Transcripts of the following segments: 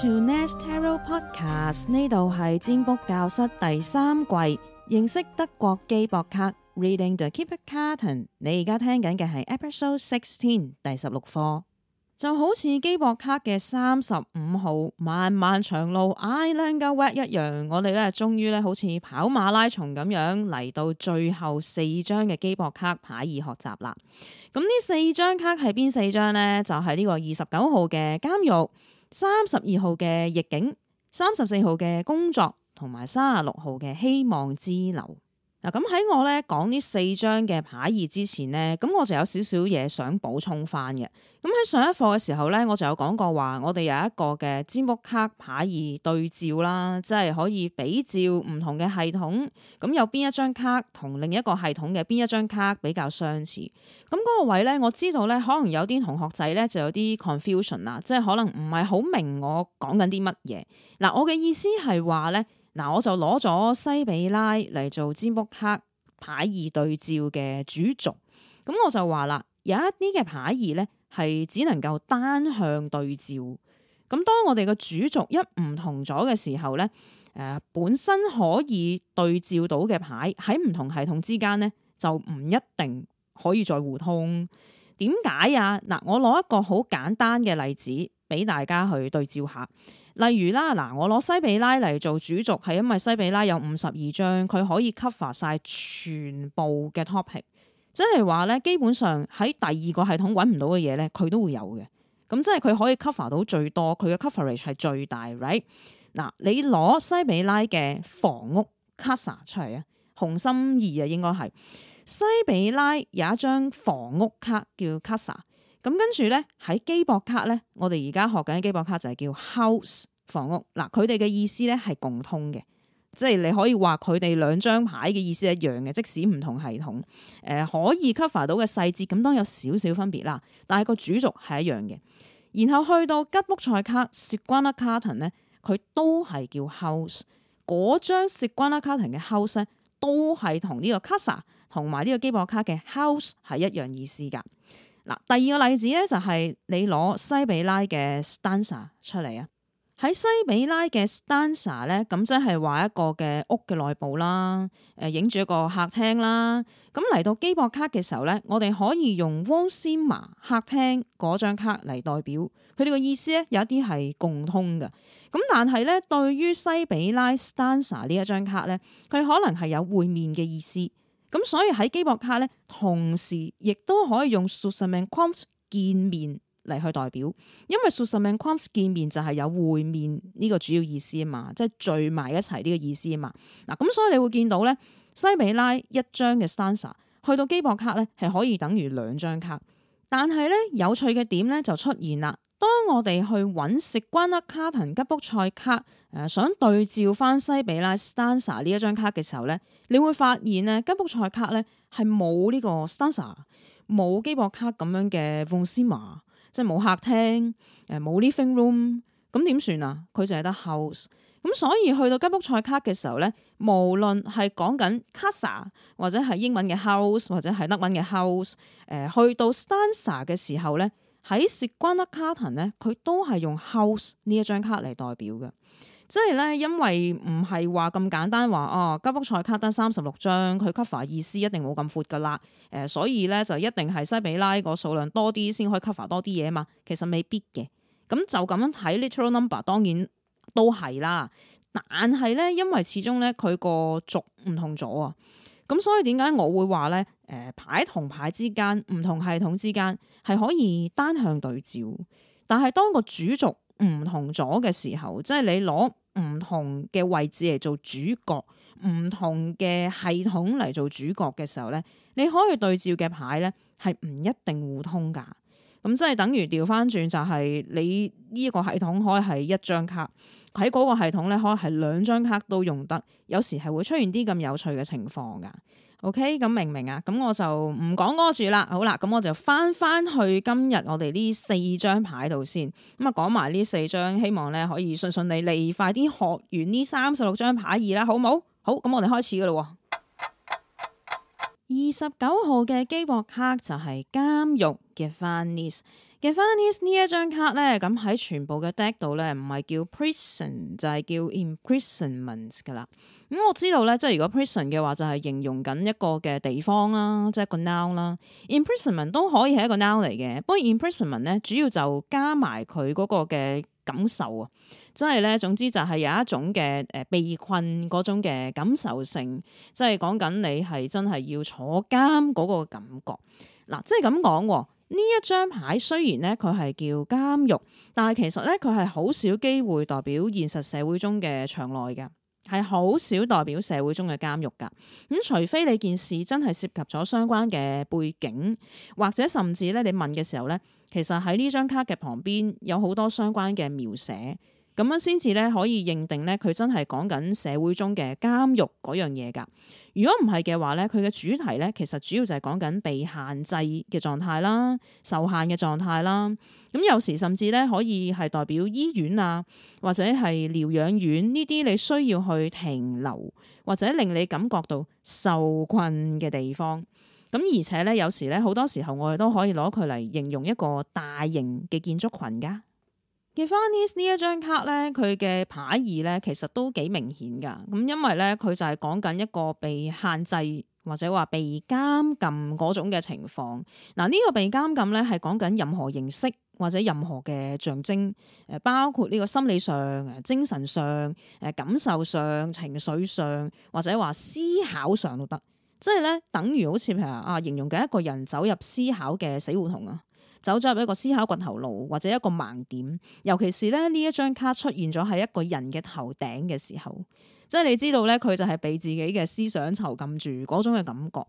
To Nest Tarot Podcast 呢度係占卜教室第三季，認識德國基博卡 Reading the Kipper Karten 你而家聽緊嘅係 Episode Sixteen 第十六課，就好似基博卡嘅三十五號漫漫長路 Langer Weg 一樣，我哋咧終於咧好似跑馬拉松咁樣嚟到最後四張嘅基博卡牌而學習啦。咁呢四張卡係邊四張呢？就係呢個二十九號嘅監獄。三十二號嘅逆境，三十四號嘅工作，同埋三十六號嘅希望之流。嗱，咁喺我咧講呢講四張嘅牌意之前咧，咁我就有少少嘢想補充翻嘅。咁喺上一課嘅時候咧，我就有講過話，我哋有一個嘅占卜卡牌意對照啦，即係可以比照唔同嘅系統，咁有邊一張卡同另一個系統嘅邊一張卡比較相似。咁嗰個位咧，我知道咧，可能有啲同學仔咧就有啲 confusion 啦，即係可能唔係好明我講緊啲乜嘢。嗱，我嘅意思係話咧。嗱，我就攞咗西比拉嚟做占卜卡牌義對照嘅主軸，咁我就話啦，有一啲嘅牌義咧係只能夠單向對照，咁當我哋嘅主軸一唔同咗嘅時候咧，誒、呃、本身可以對照到嘅牌喺唔同系統之間咧就唔一定可以再互通，點解啊？嗱，我攞一個好簡單嘅例子俾大家去對照下。例如啦，嗱，我攞西比拉嚟做主軸，係因為西比拉有五十二張，佢可以 cover 晒全部嘅 topic，即係話咧，基本上喺第二個系統揾唔到嘅嘢咧，佢都會有嘅。咁即係佢可以 cover 到最多，佢嘅 coverage 係最大，right？嗱，你攞西比拉嘅房屋卡出嚟啊，紅心二啊，應該係西比拉有一張房屋卡叫卡莎。咁跟住咧，喺基博卡咧，我哋而家學緊嘅基博卡就係叫 house 房屋。嗱，佢哋嘅意思咧係共通嘅，即係你可以話佢哋兩張牌嘅意思一樣嘅，即使唔同系統，誒、呃、可以 cover 到嘅細節，咁當然有少少分別啦，但係個主軸係一樣嘅。然後去到吉卜賽卡、Siguana Carton 咧，佢都係叫 house，嗰張 Siguana Carton 嘅 house 呢都係同呢個 casa 同埋呢個基博卡嘅 house 係一樣意思噶。嗱，第二個例子咧就係你攞西比拉嘅 Stanza 出嚟啊！喺西比拉嘅 Stanza 咧，咁即係話一個嘅屋嘅內部啦，誒影住一個客廳啦。咁嚟到基博卡嘅時候咧，我哋可以用汪斯瑪客廳嗰張卡嚟代表佢哋嘅意思咧，有一啲係共通嘅。咁但係咧，對於西比拉 Stanza 呢一張卡咧，佢可能係有會面嘅意思。咁所以喺基博卡咧，同時亦都可以用 Zusammenkunft 見面嚟去代表，因為 Zusammenkunft 見面就係有會面呢個主要意思啊嘛，即係聚埋一齊呢個意思啊嘛。嗱，咁所以你會見到咧，西比拉一張嘅 stanza 去到基博卡咧係可以等於兩張卡，但係咧有趣嘅點咧就出現啦。當我哋去揾食關厄卡同吉卜賽卡，誒、呃、想對照翻西比拉 stanza 呢一張卡嘅時候咧，你會發現咧，吉卜賽卡咧係冇呢個 stanza 冇基博卡咁樣嘅房廂，即係冇客廳，誒、呃、冇 living room，咁點算啊？佢就係得 house，咁、嗯、所以去到吉卜賽卡嘅時候咧，無論係講緊 casa 或者係英文嘅 house 或者係德文嘅 house，誒、呃、去到 stanza 嘅時候咧。喺蝕關德卡滕咧，佢都係用 house 呢一張卡嚟代表嘅，即係咧因為唔係話咁簡單話哦、啊，吉卜賽卡得三十六張，佢 cover 意思一定冇咁闊噶啦，誒、呃，所以咧就一定係西比拉個數量多啲先可以 cover 多啲嘢嘛，其實未必嘅，咁就咁樣睇 literal number 當然都係啦，但係咧因為始終咧佢個族唔同咗啊。咁所以點解我會話咧？誒，牌同牌之間，唔同系統之間係可以單向對照，但係當個主軸唔同咗嘅時候，即係你攞唔同嘅位置嚟做主角，唔同嘅系統嚟做主角嘅時候咧，你可以對照嘅牌咧係唔一定互通噶。咁即係等於調翻轉，就係你呢個系統可以係一張卡，喺嗰個系統咧可以係兩張卡都用得，有時係會出現啲咁有趣嘅情況噶。OK，咁明唔明啊？咁我就唔講嗰個住啦，好啦，咁我就翻翻去今日我哋呢四張牌度先，咁啊講埋呢四張，希望咧可以順順利利，快啲學完呢三十六張牌二啦，好唔好？好，咁我哋開始噶啦。二十九號嘅機博卡就係監獄嘅 vanish 嘅 vanish 呢一張卡咧，咁喺全部嘅 deck 度咧，唔係叫 prison 就係叫 imprisonment 噶啦。咁我知道咧，即係如果 prison 嘅話就係、是、形容緊一個嘅地方啦，即係一個 noun 啦。imprisonment 都可以係一個 noun 嚟嘅，不過 imprisonment 咧主要就加埋佢嗰個嘅感受啊。即係咧，總之就係有一種嘅誒，被困嗰種嘅感受性，即係講緊你係真係要坐監嗰個感覺。嗱、啊，即係咁講，呢一張牌雖然呢，佢係叫監獄，但係其實呢，佢係好少機會代表現實社會中嘅牆內㗎，係好少代表社會中嘅監獄噶。咁、嗯、除非你件事真係涉及咗相關嘅背景，或者甚至咧你問嘅時候呢，其實喺呢張卡嘅旁邊有好多相關嘅描寫。咁樣先至咧，可以認定咧，佢真係講緊社會中嘅監獄嗰樣嘢㗎。如果唔係嘅話咧，佢嘅主題咧，其實主要就係講緊被限制嘅狀態啦、受限嘅狀態啦。咁有時甚至咧，可以係代表醫院啊，或者係療養院呢啲，你需要去停留或者令你感覺到受困嘅地方。咁而且咧，有時咧，好多時候我哋都可以攞佢嚟形容一個大型嘅建築群㗎。嘅 f 呢一張卡咧，佢嘅牌意咧，其實都幾明顯㗎。咁因為咧，佢就係講緊一個被限制或者話被監禁嗰種嘅情況。嗱，呢個被監禁咧，係講緊任何形式或者任何嘅象徵，誒包括呢個心理上、誒精神上、誒感受上、情緒上或者話思考上都得。即係咧，等於好似譬如啊，形容緊一個人走入思考嘅死胡同啊。走咗入一個思考掘頭路或者一個盲點，尤其是咧呢一張卡出現咗喺一個人嘅頭頂嘅時候，即係你知道咧佢就係畀自己嘅思想囚禁住嗰種嘅感覺。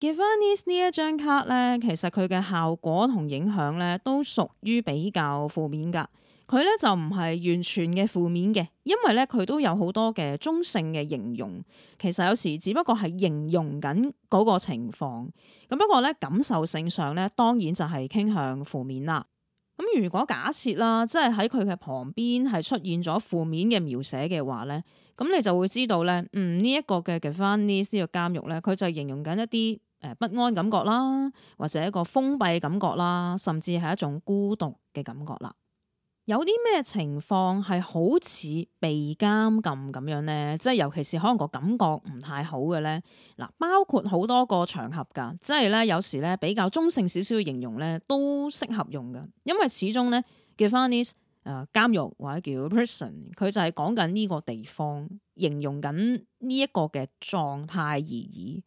Gevanis 呢一張卡咧，其實佢嘅效果同影響咧都屬於比較負面噶。佢咧就唔係完全嘅負面嘅，因為咧佢都有好多嘅中性嘅形容。其實有時只不過係形容緊嗰個情況。咁不過咧感受性上咧，當然就係傾向負面啦。咁如果假設啦，即係喺佢嘅旁邊係出現咗負面嘅描寫嘅話咧，咁你就會知道咧，嗯，呢一個嘅 Gefängnis 嘅監獄咧，佢就係形容緊一啲誒，不安感覺啦，或者一個封閉感覺啦，甚至係一種孤獨嘅感覺啦。有啲咩情況係好似被監禁咁樣呢？即係尤其是可能個感覺唔太好嘅呢，嗱，包括好多個場合㗎，即係呢，有時呢比較中性少少嘅形容呢都適合用㗎，因為始終呢叫做監獄或者叫 prison，佢就係講緊呢個地方，形容緊呢一個嘅狀態而已。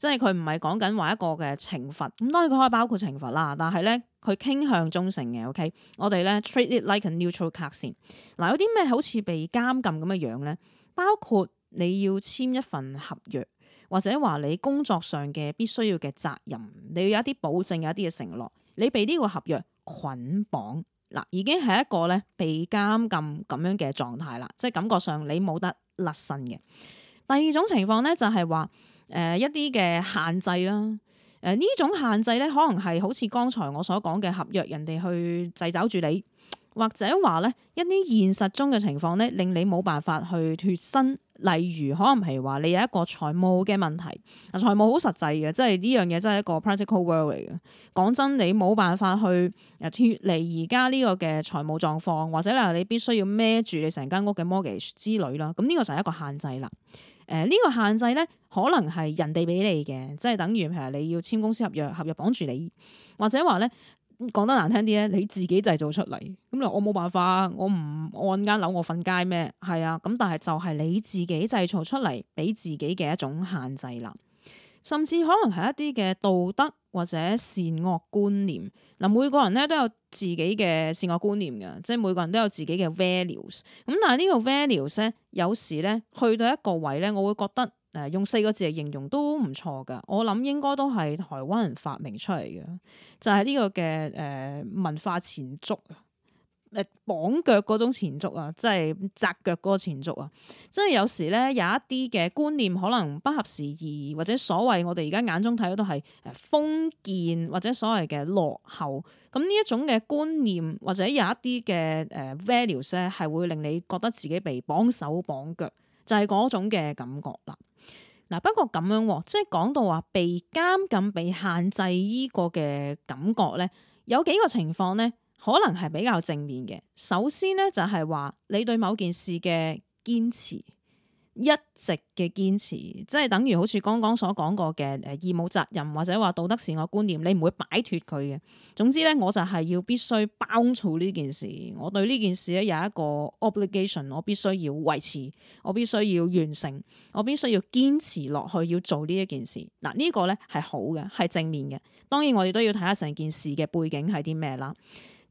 即係佢唔係講緊話一個嘅懲罰，咁當然佢可以包括懲罰啦，但係咧佢傾向中性嘅，OK，我哋咧 treat it like a neutral card 先。嗱，有啲咩好似被監禁咁嘅樣咧？包括你要簽一份合約，或者話你工作上嘅必須要嘅責任，你要有一啲保證，有一啲嘅承諾，你被呢個合約捆綁，嗱已經係一個咧被監禁咁樣嘅狀態啦，即係感覺上你冇得甩身嘅。第二種情況咧就係話。誒、呃、一啲嘅限制啦，誒、呃、呢種限制咧，可能係好似剛才我所講嘅合約，人哋去掣肘住你，或者話咧一啲現實中嘅情況咧，令你冇辦法去脫身。例如可能係話你有一個財務嘅問題，啊、財務好實際嘅，即係呢樣嘢真係一個 practical world 嚟嘅。講真，你冇辦法去脫離而家呢個嘅財務狀況，或者你必須要孭住你成間屋嘅 mortgage 之類啦。咁、啊、呢、嗯這個就係一個限制啦。誒、呃、呢、這個限制咧。可能係人哋俾你嘅，即係等於譬如你要簽公司合約，合約綁住你，或者話咧講得難聽啲咧，你自己製造出嚟咁。我冇辦法，我唔按間樓，我瞓街咩？係啊，咁但係就係你自己製造出嚟，俾自己嘅一種限制啦。甚至可能係一啲嘅道德或者善惡觀念嗱，每個人咧都有自己嘅善惡觀念噶，即係每個人都有自己嘅 values。咁但係呢個 values 咧，有時咧去到一個位咧，我會覺得。誒，用四個字嚟形容都唔錯噶。我諗應該都係台灣人發明出嚟嘅，就係、是、呢個嘅誒、呃、文化纏足啊，誒、呃、綁腳嗰種纏足啊，即係紮腳嗰個纏足啊。即係有時咧有一啲嘅觀念可能不合時宜，或者所謂我哋而家眼中睇到都係誒封建或者所謂嘅落後咁呢一種嘅觀念，或者有一啲嘅誒 values 咧係會令你覺得自己被綁手綁腳，就係、是、嗰種嘅感覺啦。嗱，不過咁樣即係講到話被監禁、被限制依個嘅感覺咧，有幾個情況咧，可能係比較正面嘅。首先咧就係話你對某件事嘅堅持。一直嘅堅持，即係等於好似剛剛所講過嘅誒義務責任或者話道德善惡觀念，你唔會擺脫佢嘅。總之咧，我就係要必須包儲呢件事，我對呢件事咧有一個 obligation，我必須要維持，我必須要完成，我必須要堅持落去要做呢一件事。嗱、這個，呢個咧係好嘅，係正面嘅。當然我哋都要睇下成件事嘅背景係啲咩啦。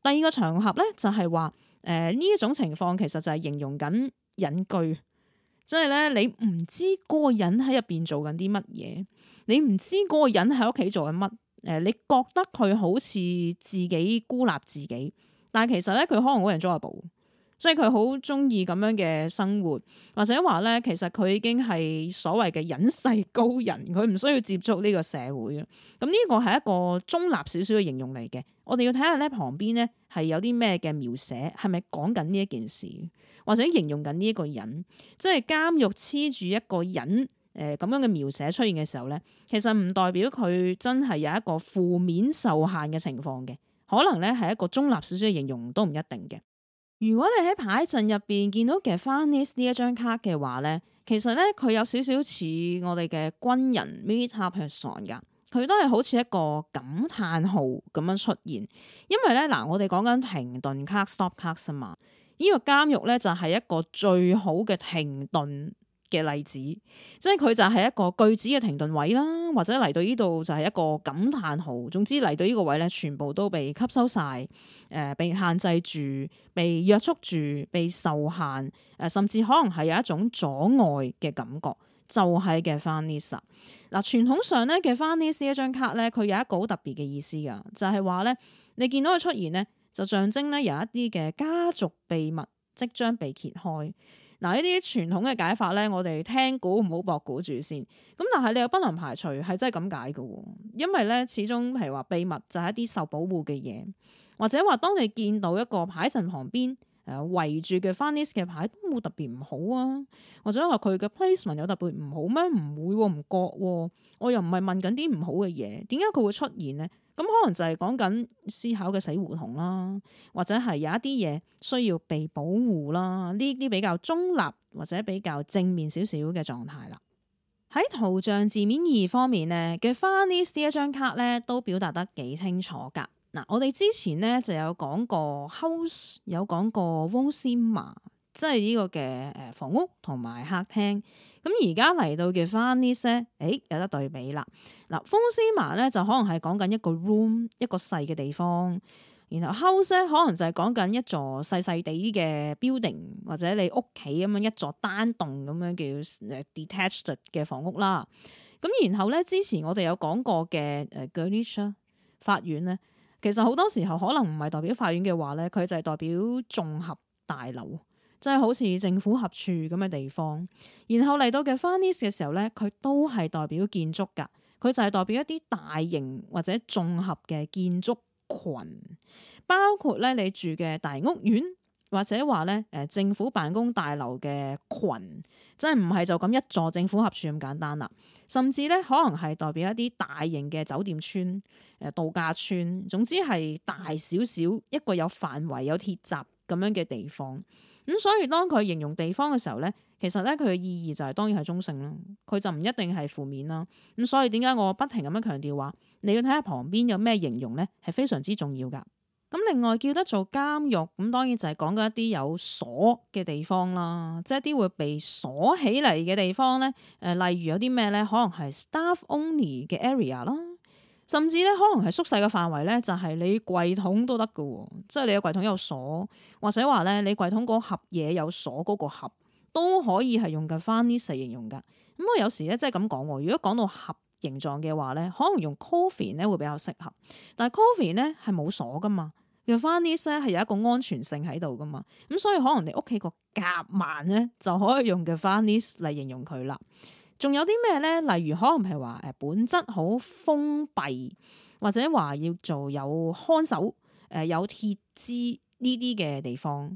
第二個場合咧就係話誒呢一種情況其實就係形容緊隱居。即係咧，你唔知嗰個人喺入邊做緊啲乜嘢，你唔知嗰個人喺屋企做緊乜，誒，你覺得佢好似自己孤立自己，但係其實咧，佢可能好 e n a b 即係佢好中意咁樣嘅生活，或者話咧，其實佢已經係所謂嘅隱世高人，佢唔需要接觸呢個社會咯。咁呢個係一個中立少少嘅形容嚟嘅。我哋要睇下咧旁邊咧係有啲咩嘅描寫，係咪講緊呢一件事，或者形容緊呢一個人。即係監獄黐住一個人誒咁樣嘅描寫出現嘅時候咧，其實唔代表佢真係有一個負面受限嘅情況嘅，可能咧係一個中立少少嘅形容都唔一定嘅。如果你喺牌陣入邊見到嘅 funny 呢一張卡嘅話咧，其實咧佢有少少似我哋嘅軍人 military 人噶，佢都係好似一個感嘆號咁樣出現，因為咧嗱，我哋講緊停頓卡 stop 卡啊嘛，呢個監獄咧就係一個最好嘅停頓嘅例子，即係佢就係一個句子嘅停頓位啦，或者嚟到呢度就係一個感嘆號，總之嚟到呢個位咧，全部都被吸收晒，誒、呃，被限制住，被約束住，被受限，誒、呃，甚至可能係有一種阻礙嘅感覺，就係嘅 Farnese。嗱，傳統上咧嘅 Farnese 一張卡咧，佢有一個好特別嘅意思噶，就係話咧，你見到佢出現咧，就象徵咧有一啲嘅家族秘密即將被揭開。嗱，呢啲傳統嘅解法咧，我哋聽古唔好駁古住先。咁但係你又不能排除係真係咁解嘅喎，因為咧始終係話秘密就係一啲受保護嘅嘢，或者話當你見到一個牌陣旁邊誒圍住嘅 funny 嘅牌都冇特別唔好啊，或者話佢嘅 placement 有特別唔好咩？唔會，唔覺喎，我又唔係問緊啲唔好嘅嘢，點解佢會出現咧？咁可能就係講緊思考嘅死胡同啦，或者係有一啲嘢需要被保護啦，呢啲比較中立或者比較正面少少嘅狀態啦。喺圖像字面意義方面呢，嘅 f a r n e s 呢一張卡咧都表達得幾清楚噶。嗱，我哋之前咧就有講過 h o 有講過 w o z 即係呢個嘅誒房屋同埋客廳，咁而家嚟到嘅翻呢些，誒有得對比啦。嗱，風絲麻咧就可能係講緊一個 room 一個細嘅地方，然後 house 咧可能就係講緊一座細細哋嘅 building 或者你屋企咁樣一座單棟咁樣叫 detached 嘅房屋啦。咁然後咧之前我哋有講過嘅誒 gardenia 法院咧，其實好多時候可能唔係代表法院嘅話咧，佢就係代表綜合大樓。即係好似政府合署咁嘅地方，然後嚟到嘅 funnis 嘅時候咧，佢都係代表建築噶，佢就係代表一啲大型或者綜合嘅建築群，包括咧你住嘅大屋苑或者話咧誒政府辦公大樓嘅群。即係唔係就咁一座政府合署咁簡單啦，甚至咧可能係代表一啲大型嘅酒店村、誒度假村，總之係大少少一個有範圍有鐵閘咁樣嘅地方，咁所以當佢形容地方嘅時候咧，其實咧佢嘅意義就係當然係中性啦，佢就唔一定係負面啦。咁所以點解我不停咁樣強調話，你要睇下旁邊有咩形容咧，係非常之重要噶。咁另外叫得做監獄，咁當然就係講緊一啲有鎖嘅地方啦，即係啲會被鎖起嚟嘅地方咧。誒，例如有啲咩咧，可能係 staff only 嘅 area 啦。甚至咧，可能係縮細嘅範圍咧，就係你櫃桶都得嘅喎，即係你嘅櫃桶有鎖，或者話咧你櫃桶嗰盒嘢有鎖嗰個盒都可以係用嘅 furnish 嚟形容嘅。咁我有時咧即係咁講喎，如果講到盒形狀嘅話咧，可能用 coffee 咧會比較適合，但係 coffee 咧係冇鎖嘅嘛，用 furnish 咧係有一個安全性喺度嘅嘛，咁所以可能你屋企個夾萬咧就可以用嘅 furnish 嚟形容佢啦。仲有啲咩咧？例如可能係話誒，本質好封閉，或者話要做有看守誒，有鐵枝呢啲嘅地方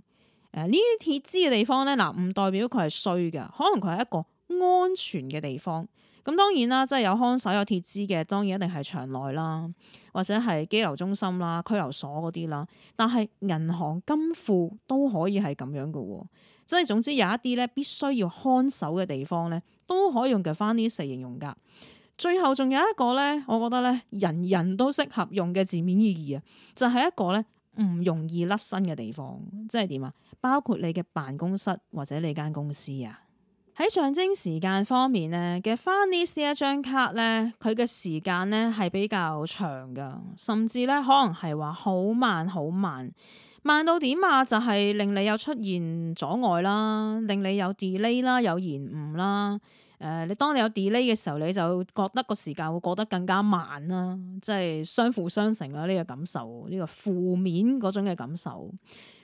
誒。呢啲鐵枝嘅地方咧，嗱唔代表佢係衰嘅，可能佢係一個安全嘅地方。咁當然啦，即係有看守有鐵枝嘅，當然一定係場內啦，或者係羈留中心啦、拘留所嗰啲啦。但係銀行金庫都可以係咁樣嘅喎，即係總之有一啲咧必須要看守嘅地方咧。都可以用嘅翻啲嚟形容噶。最後仲有一個咧，我覺得咧，人人都適合用嘅字面意義啊，就係一個咧，唔容易甩身嘅地方，即係點啊？包括你嘅辦公室或者你間公司啊。喺象徵時間方面咧，嘅翻啲呢一張卡咧，佢嘅時間咧係比較長噶，甚至咧可能係話好慢好慢。慢到點啊？就係、是、令你有出現阻礙啦，令你有 delay 啦，有延誤啦。誒、呃，你當你有 delay 嘅時候，你就覺得個時間會過得更加慢啦，即係相輔相成啦。呢、這個感受，呢、這個負面嗰種嘅感受。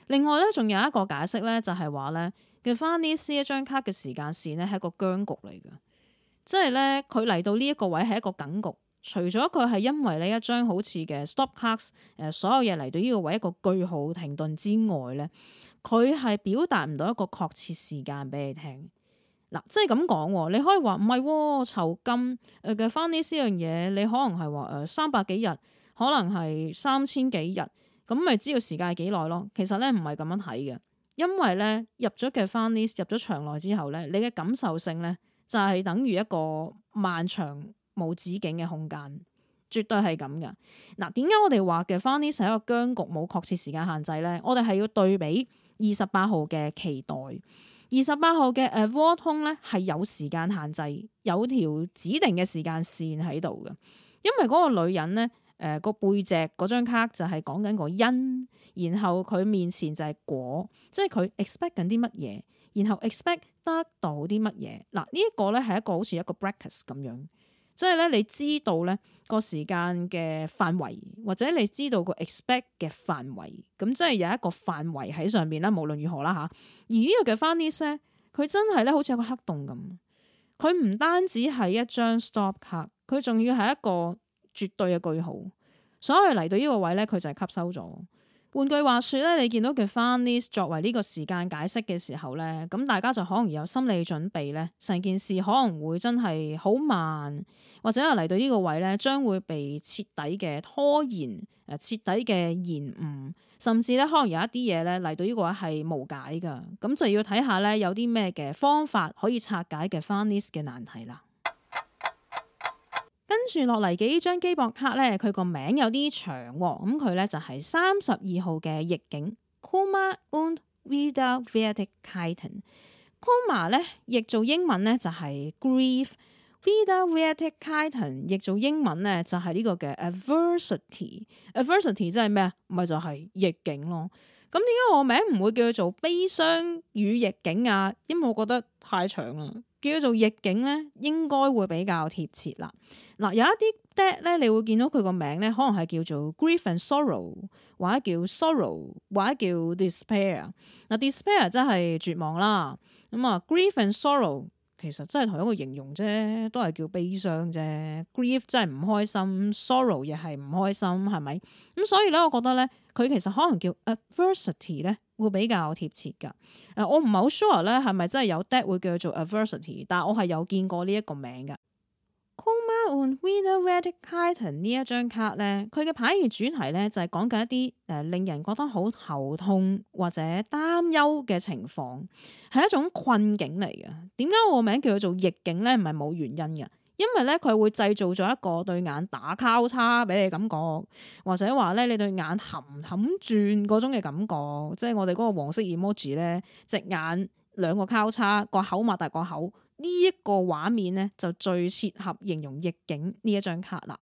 另外咧，仲有一個解釋咧，就係話咧，Farnese 一張卡嘅時間線咧係一個僵局嚟㗎，即係咧佢嚟到呢一個位係一個梗局。除咗佢係因為呢一張好似嘅 stop cards，誒，所有嘢嚟到呢個位一個句號停頓之外咧，佢係表達唔到一個確切時間俾你聽。嗱、啊，即係咁講，你可以話唔係喎，哦、酬金嘅 fund list 呢樣嘢，你可能係話誒三百幾日，可能係三千幾日，咁咪知道時間係幾耐咯？其實咧唔係咁樣睇嘅，因為咧入咗嘅 fund list 入咗場內之後咧，你嘅感受性咧就係、是、等於一個漫長。冇止境嘅空間，絕對係咁噶。嗱，點解我哋話嘅《Funnies》係一個僵局，冇確切時間限制咧？我哋係要對比二十八號嘅期待，二十八號嘅誒，窩通咧係有時間限制，有條指定嘅時間線喺度嘅。因為嗰個女人咧，誒、呃、個背脊嗰張卡就係講緊個因，然後佢面前就係果，即係佢 expect 緊啲乜嘢，然後 expect 得到啲乜嘢。嗱、這、呢、個、一個咧係一個好似一個 breakers 咁樣。即係咧，你知道咧個時間嘅範圍，或者你知道個 expect 嘅範圍，咁即係有一個範圍喺上邊啦。無論如何啦吓，而呢個嘅 finish，佢真係咧好似一個黑洞咁，佢唔單止係一張 stop 卡，佢仲要係一個絕對嘅句號。所以嚟到呢個位咧，佢就係吸收咗。換句話說咧，你見到嘅 funny 作為呢個時間解釋嘅時候咧，咁大家就可能有心理準備咧，成件事可能會真係好慢，或者係嚟到呢個位咧，將會被徹底嘅拖延，誒，徹底嘅延誤，甚至咧可能有一啲嘢咧嚟到呢個位係無解㗎，咁就要睇下咧有啲咩嘅方法可以拆解嘅 funny 嘅難題啦。跟住落嚟幾張機博卡咧，佢個名有啲長喎，咁佢咧就係三十二號嘅逆境，Kuma und wieder vertik Titan。Kuma 咧，譯做英文咧就係 grief，wieder vertik Titan，譯做英文咧就係呢個嘅 adversity ad。adversity 即係咩啊？咪就係、是、逆境咯。咁點解我名唔會叫佢做悲傷與逆境啊？因為我覺得太長啦。叫做逆境咧，應該會比較貼切啦。嗱、呃，有一啲 dead 咧，你會見到佢個名咧，可能係叫做 grief and sorrow，或者叫 sorrow，或者叫 despair。嗱，despair 真係絕望啦。咁、呃、啊，grief and sorrow 其實真係同一個形容啫，都係叫悲傷啫。grief 真係唔開心，sorrow 亦係唔開心，係咪？咁、呃、所以咧，我覺得咧，佢其實可能叫 adversity 咧。Ad 會比較貼切㗎。誒、呃，我唔係好 sure 咧，係咪真係有 that 會叫做 adversity？但係我係有見過呢一個名㗎。Come on, we the red kite 呢一張卡咧，佢嘅牌面主題咧就係講緊一啲誒令人覺得好頭痛或者擔憂嘅情況，係一種困境嚟嘅。點解我個名叫佢做逆境咧？唔係冇原因嘅。因為咧，佢會製造咗一個對眼打交叉俾你感覺，或者話咧，你對眼含含轉嗰種嘅感覺，即係我哋嗰個黃色 emoji 咧，隻眼兩個交叉，個口擘大個口，呢、這、一個畫面咧就最適合形容逆境呢一張卡啦。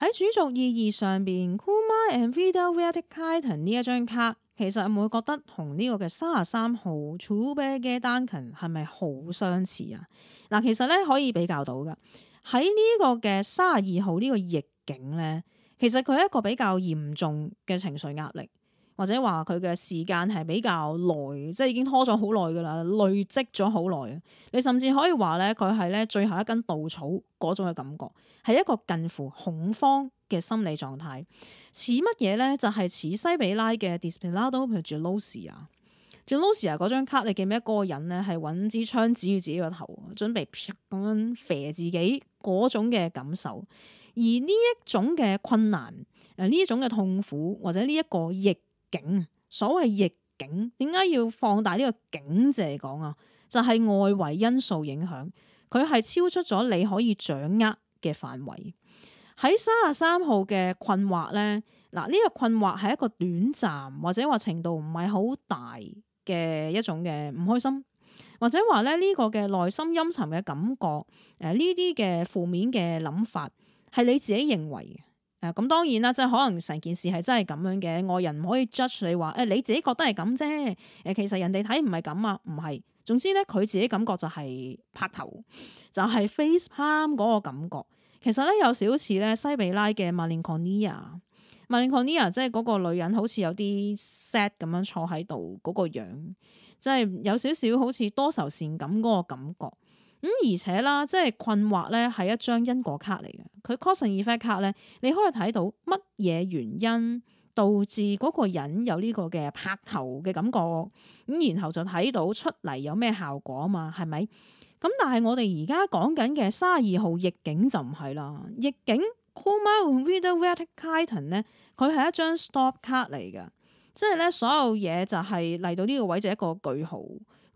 喺主族意義上邊，Kuma and Vidal Vatic Titan 呢一張卡，其實有冇覺得同呢個嘅三十三號 Two Bagged Duncan 係咪好相似啊？嗱，其實咧可以比較到噶，喺呢個嘅三十二號呢個逆境咧，其實佢係一個比較嚴重嘅情緒壓力。或者話佢嘅時間係比較耐，即係已經拖咗好耐㗎啦，累積咗好耐。你甚至可以話咧，佢係咧最後一根稻草嗰種嘅感覺，係一個近乎恐慌嘅心理狀態。似乜嘢咧？就係、是、似西比拉嘅《Desperado》住盧士啊，住盧士啊嗰張卡，你記唔記得？個人咧係揾支槍指住自己個頭，準備咁樣射自己嗰種嘅感受。而呢一種嘅困難，誒呢一種嘅痛苦，或者呢一個逆景，所謂逆境，點解要放大呢個境字嚟講啊？就係、是、外圍因素影響，佢係超出咗你可以掌握嘅範圍。喺三十三號嘅困惑咧，嗱、這、呢個困惑係一個短暫或者話程度唔係好大嘅一種嘅唔開心，或者話咧呢個嘅內心陰沉嘅感覺，誒呢啲嘅負面嘅諗法係你自己認為嘅。誒咁、呃、當然啦，即係可能成件事係真係咁樣嘅，外人唔可以 judge 你話，誒、呃、你自己覺得係咁啫。誒、呃、其實人哋睇唔係咁啊，唔係。總之咧，佢自己感覺就係拍頭，就係、是、face palm 嗰個感覺。其實咧有少少似咧西比拉嘅 Malinconia，Malinconia 即係嗰個女人好似有啲 sad 咁樣坐喺度嗰個樣，即係有少少好似多愁善感嗰個感覺。咁而且啦，即係困惑咧，係一張因果卡嚟嘅。佢 cause and effect 卡咧，你可以睇到乜嘢原因導致嗰個人有呢個嘅拍頭嘅感覺，咁然後就睇到出嚟有咩效果啊嘛，係咪？咁但係我哋而家講緊嘅卅二號逆境就唔係啦。逆境 come out with a wet kitten 咧，佢係一張 stop 卡嚟嘅，即係咧所有嘢就係嚟到呢個位就一個句號。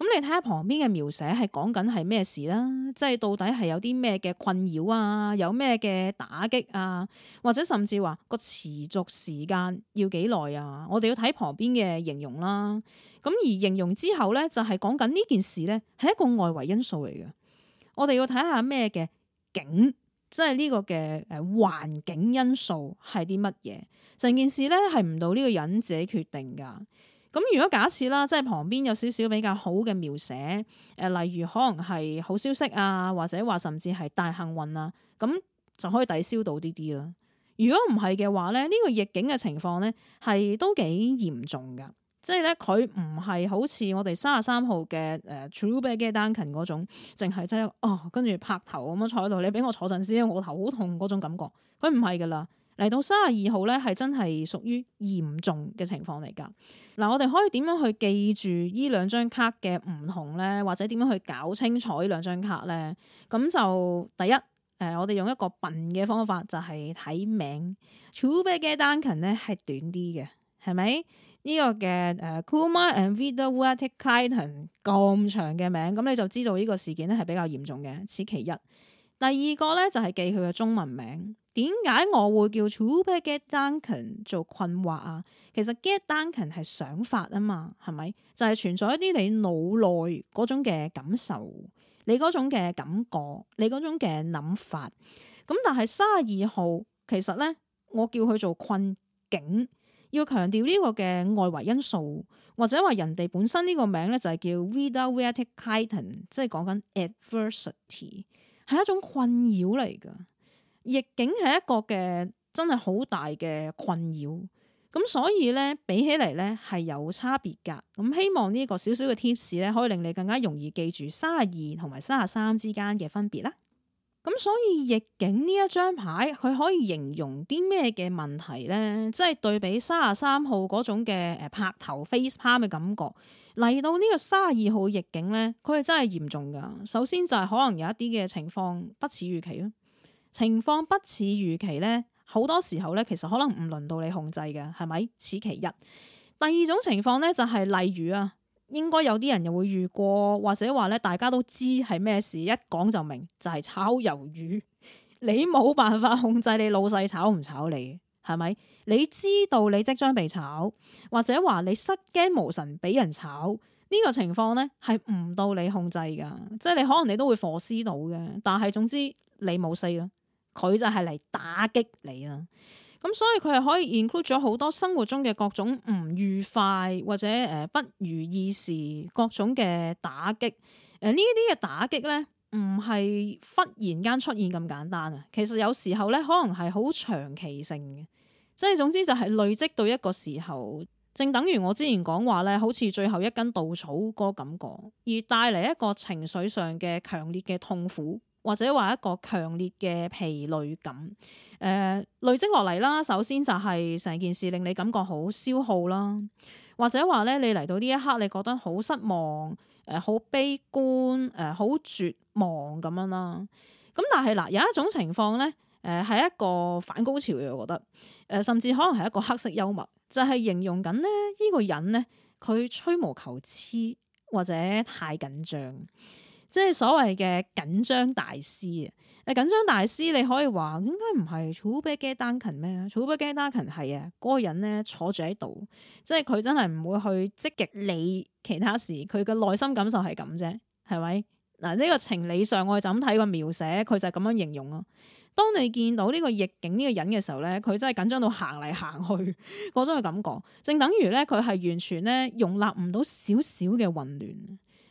咁你睇下旁邊嘅描寫係講緊係咩事啦？即係到底係有啲咩嘅困擾啊？有咩嘅打擊啊？或者甚至話個持續時間要幾耐啊？我哋要睇旁邊嘅形容啦。咁而形容之後咧，就係講緊呢件事咧係一個外圍因素嚟嘅。我哋要睇下咩嘅景，即係呢個嘅誒環境因素係啲乜嘢？成件事咧係唔到呢個人自己決定㗎。咁如果假設啦，即係旁邊有少少比較好嘅描寫，誒、呃、例如可能係好消息啊，或者話甚至係大幸運啊，咁就可以抵消到啲啲啦。如果唔係嘅話咧，呢、呢個逆境嘅情況咧係都幾嚴重噶，即係咧佢唔係好似我哋三十三號嘅誒 True Begging Duncan 嗰種，淨係即係哦跟住拍頭咁樣坐喺度，你俾我坐陣先，我頭好痛嗰種感覺，佢唔係噶啦。嚟到三十二號咧，係真係屬於嚴重嘅情況嚟㗎。嗱、嗯，我哋可以點樣去記住依兩張卡嘅唔同咧，或者點樣去搞清楚依兩張卡咧？咁、嗯、就第一，誒、呃，我哋用一個笨嘅方法，就係、是、睇名。Too Big 嘅 Danken an 咧係短啲嘅，係咪？呢、這個嘅誒 Cooman and Victor Wadikaiton 咁長嘅名，咁你就知道呢個事件咧係比較嚴重嘅，此其一。第二個咧就係、是、記佢嘅中文名。點解我會叫 Trübe Gedanken 做困惑啊？其實 Gedanken 係想法啊嘛，係咪？就係、是、存在一啲你腦內嗰種嘅感受，你嗰種嘅感覺，你嗰種嘅諗法。咁但係卅二號，其實咧，我叫佢做困境，要強調呢個嘅外圍因素，或者話人哋本身呢個名咧就係、是、叫 Widerwärtigkeit 即係講緊 adversity 係一種困擾嚟㗎。逆境係一個嘅真係好大嘅困擾，咁所以咧，比起嚟咧，係有差別噶。咁希望呢個少少嘅貼士咧，可以令你更加容易記住卅二同埋卅三之間嘅分別啦。咁、嗯、所以逆境呢一張牌，佢可以形容啲咩嘅問題咧？即、就、係、是、對比卅三號嗰種嘅誒拍頭 face palm 嘅感覺嚟到呢個卅二號逆境咧，佢係真係嚴重噶。首先就係可能有一啲嘅情況不似預期啦。情況不似預期咧，好多時候咧，其實可能唔輪到你控制嘅，係咪？此其一。第二種情況咧，就係例如啊，應該有啲人又會遇過，或者話咧，大家都知係咩事，一講就明，就係炒魷魚。你冇辦法控制你老細炒唔炒你，係咪？你知道你即將被炒，或者話你失驚無神俾人炒，呢個情況咧係唔到你控制嘅，即係你可能你都會火屍到嘅，但係總之你冇勢啦。佢就係嚟打擊你啦，咁所以佢係可以 include 咗好多生活中嘅各種唔愉快或者誒不如意事，各種嘅打擊。誒呢啲嘅打擊咧，唔係忽然間出現咁簡單啊，其實有時候咧可能係好長期性嘅，即係總之就係累積到一個時候，正等於我之前講話咧，好似最後一根稻草個感覺，而帶嚟一個情緒上嘅強烈嘅痛苦。或者話一個強烈嘅疲累感，誒、呃、累積落嚟啦。首先就係成件事令你感覺好消耗啦，或者話咧你嚟到呢一刻，你覺得好失望，誒、呃、好悲觀，誒、呃、好絕望咁樣啦。咁但係嗱、呃、有一種情況咧，誒、呃、係一個反高潮嘅，我覺得，誒、呃、甚至可能係一個黑色幽默，就係、是、形容緊咧呢個人咧，佢吹毛求疵或者太緊張。即係所謂嘅緊張大師啊！緊張大師你可以話應該唔係 Cubed G Duncan 咩？Cubed G Duncan 係啊，嗰個人咧坐住喺度，即係佢真係唔會去積極理其他事，佢嘅內心感受係咁啫，係咪？嗱，呢個情理上我哋就咁睇個描寫，佢就係咁樣形容咯。當你見到呢個逆境呢個人嘅時候咧，佢真係緊張到行嚟行去，嗰種嘅感覺，正等於咧佢係完全咧容納唔到少少嘅混亂。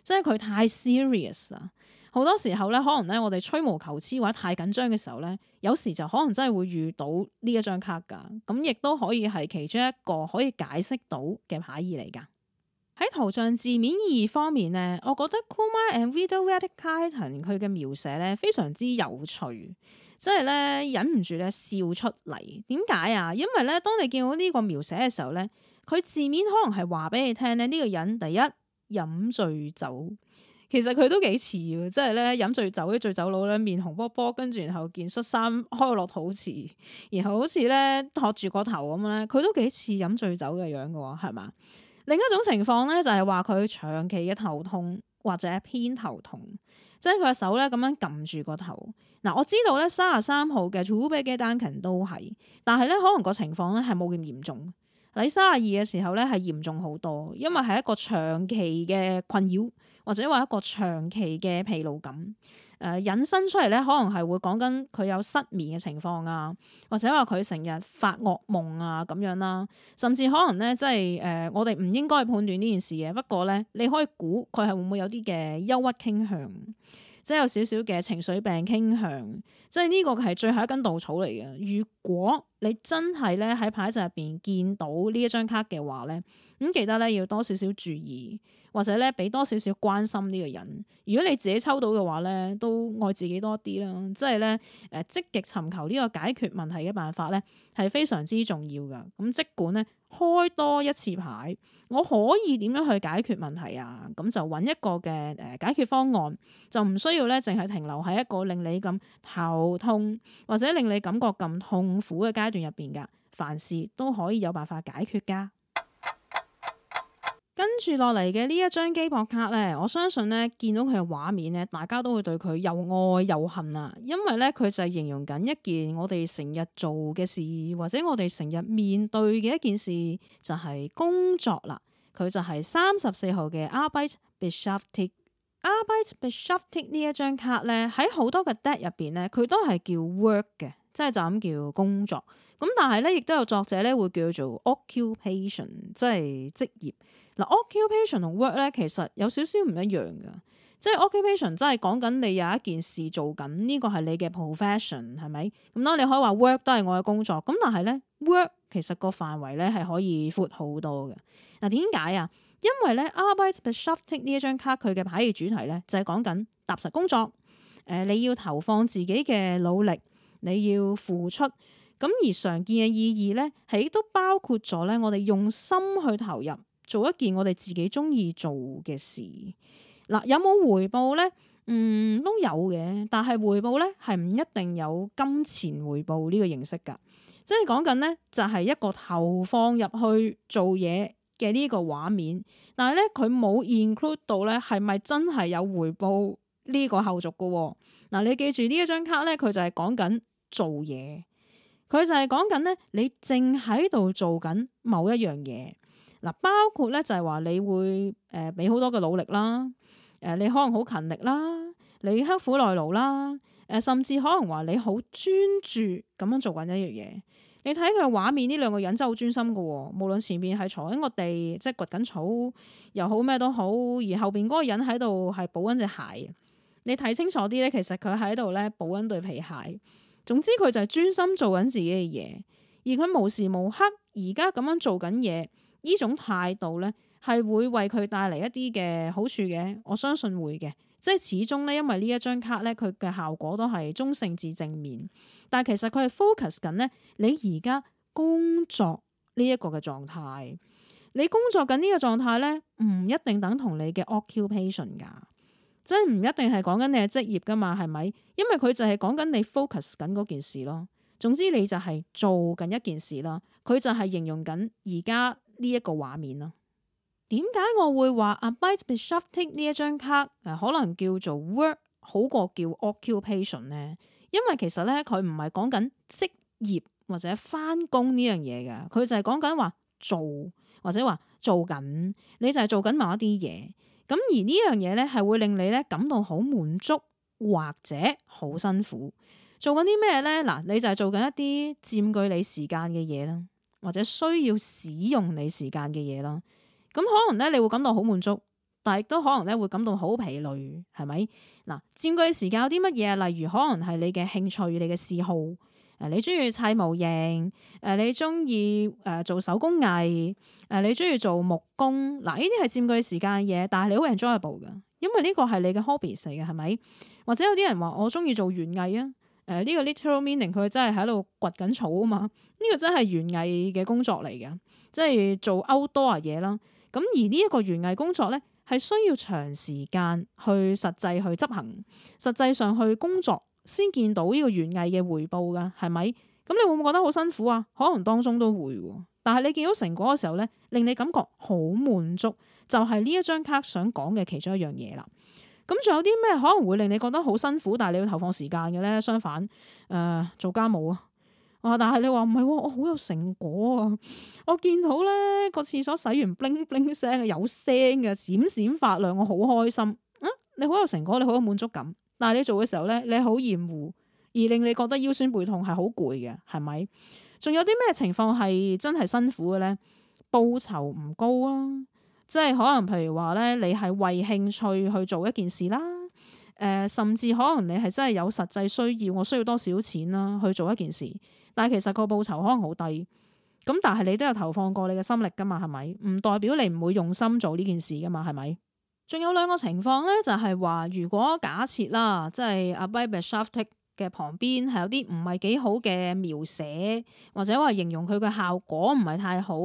即係佢太 serious 啦，好多時候咧，可能咧，我哋吹毛求疵或者太緊張嘅時候咧，有時就可能真係會遇到呢一張卡噶，咁亦都可以係其中一個可以解釋到嘅牌意嚟噶。喺圖像字面意義方面咧，我覺得 Kumar and Vida Vaticayton 佢嘅描寫咧非常之有趣，即係咧忍唔住咧笑出嚟。點解啊？因為咧，當你見到呢個描寫嘅時候咧，佢字面可能係話俾你聽咧，呢個人第一。飲醉酒，其實佢都幾似嘅，即係咧飲醉酒啲醉酒佬咧，面紅卜卜，跟住然後件恤衫開落肚，似然後好似咧托住個頭咁咧，佢都幾似飲醉酒嘅樣㗎喎，係嘛？另一種情況咧就係話佢長期嘅頭痛或者偏頭痛，即係佢嘅手咧咁樣撳住個頭。嗱、呃，我知道咧三十三號嘅 Tubby 嘅丹勤都係，但係咧可能個情況咧係冇咁嚴重。喺卅二嘅時候咧，係嚴重好多，因為係一個長期嘅困擾，或者話一個長期嘅疲勞感。誒、呃，引申出嚟咧，可能係會講緊佢有失眠嘅情況啊，或者話佢成日發噩夢啊咁樣啦，甚至可能咧，即係誒，我哋唔應該去判斷呢件事嘅。不過咧，你可以估佢係會唔會有啲嘅憂鬱傾向。即係有少少嘅情緒病傾向，即係呢個係最後一根稻草嚟嘅。如果你真係咧喺牌集入邊見到呢一張卡嘅話咧，咁記得咧要多少少注意，或者咧俾多少少關心呢個人。如果你自己抽到嘅話咧，都愛自己多啲啦。即係咧，誒，積極尋求呢個解決問題嘅辦法咧，係非常之重要噶。咁，即管咧。開多一次牌，我可以點樣去解決問題啊？咁就揾一個嘅誒，解決方案，就唔需要咧，淨係停留喺一個令你咁頭痛或者令你感覺咁痛苦嘅階段入邊㗎。凡事都可以有辦法解決㗎。跟住落嚟嘅呢一張機博卡咧，我相信咧見到佢嘅畫面咧，大家都會對佢又愛又恨啦。因為咧佢就係形容緊一件我哋成日做嘅事，或者我哋成日面對嘅一件事就係、是、工作啦。佢就係三十四號嘅 Arbeit Beschäftigt，Arbeit Beschäftigt 呢一張卡咧喺好多嘅 deck 入邊咧，佢都係叫 work 嘅，即係就咁、是、叫工作。咁但係咧，亦都有作者咧會叫做 occupation，即係職業。嗱，occupation 同 work 咧，其實有少少唔一樣嘅，即係 occupation 真係講緊你有一件事做緊，呢個係你嘅 profession 係咪咁咧？當你可以話 work 都係我嘅工作咁，但係咧 work 其實個範圍咧係可以闊好多嘅嗱。點解啊？因為咧 a r b e i t s h i f t i n g 呢一張卡佢嘅牌嘅主題咧就係講緊踏實工作，誒、呃、你要投放自己嘅努力，你要付出咁，而常見嘅意義咧係都包括咗咧，我哋用心去投入。做一件我哋自己中意做嘅事，嗱，有冇回報咧？嗯，都有嘅，但係回報咧係唔一定有金錢回報呢個形式噶，即係講緊咧就係一個投放入去做嘢嘅呢個畫面，但係咧佢冇 include 到咧係咪真係有回報呢個後續噶？嗱、啊，你記住呢一張卡咧，佢就係講緊做嘢，佢就係講緊咧你正喺度做緊某一樣嘢。嗱，包括咧就係話你會誒俾好多嘅努力啦，誒你可能好勤力啦，你刻苦耐勞啦，誒甚至可能話你好專注咁樣做緊一樣嘢。你睇佢嘅畫面，呢兩個人真係好專心噶，無論前面係鋤緊個地即係掘緊草又好咩都好，而後邊嗰個人喺度係補緊隻鞋。你睇清楚啲咧，其實佢喺度咧補緊對皮鞋。總之佢就係專心做緊自己嘅嘢，而佢無時無刻。而家咁樣做緊嘢，呢種態度咧，係會為佢帶嚟一啲嘅好處嘅，我相信會嘅。即係始終咧，因為呢一張卡咧，佢嘅效果都係中性至正面，但係其實佢係 focus 緊咧，你而家工作呢一個嘅狀態，你工作緊呢個狀態咧，唔一定等同你嘅 occupation 噶，即係唔一定係講緊你嘅職業噶嘛，係咪？因為佢就係講緊你 focus 緊嗰件事咯。總之你就係做緊一件事啦，佢就係形容緊而家呢一個畫面啦。點解我會話啊，bit of shuffling 呢一張卡，可能叫做 work 好過叫 occupation 呢？因為其實咧，佢唔係講緊職業或者翻工呢樣嘢噶，佢就係講緊話做或者話做緊，你就係做緊某一啲嘢。咁而呢樣嘢咧係會令你咧感到好滿足或者好辛苦。做緊啲咩咧？嗱，你就係做緊一啲佔據你時間嘅嘢啦，或者需要使用你時間嘅嘢啦。咁可能咧，你會感到好滿足，但係亦都可能咧會感到好疲累，係咪？嗱，佔據時間有啲乜嘢？例如可能係你嘅興趣、你嘅嗜好。誒，你中意砌模型？誒，你中意誒做手工藝？誒，你中意做木工？嗱，呢啲係佔據你時間嘅嘢，但係你好 enjoyable 㗎，因為呢個係你嘅 hobby 嚟嘅，係咪？或者有啲人話我中意做園藝啊。誒，呢、呃這個 literal meaning 佢真係喺度掘緊草啊嘛，呢、這個真係園藝嘅工作嚟嘅，即係做 outdoor 嘢啦。咁而呢一個園藝工作咧，係需要長時間去實際去執行，實際上去工作先見到呢個園藝嘅回報噶，係咪？咁你會唔會覺得好辛苦啊？可能當中都會，但係你見到成果嘅時候咧，令你感覺好滿足，就係呢一張卡想講嘅其中一樣嘢啦。咁仲有啲咩可能會令你覺得好辛苦，但係你要投放時間嘅咧？相反，誒、呃、做家務啊，哇！但係你話唔係，我好有成果啊！我見到咧個廁所洗完 bling bling 聲有聲嘅，閃閃發亮，我好開心啊！你好有成果，你好有滿足感。但係你做嘅時候咧，你好厭惡，而令你覺得腰痠背痛係好攰嘅，係咪？仲有啲咩情況係真係辛苦嘅咧？報酬唔高啊！即係可能，譬如話咧，你係為興趣去做一件事啦，誒、呃，甚至可能你係真係有實際需要，我需要多少錢啦去做一件事，但係其實個報酬可能好低，咁但係你都有投放過你嘅心力㗎嘛，係咪？唔代表你唔會用心做呢件事㗎嘛，係咪？仲有兩個情況咧，就係、是、話如果假設啦，即係阿 Babeshafte 嘅旁邊係有啲唔係幾好嘅描寫，或者話形容佢嘅效果唔係太好。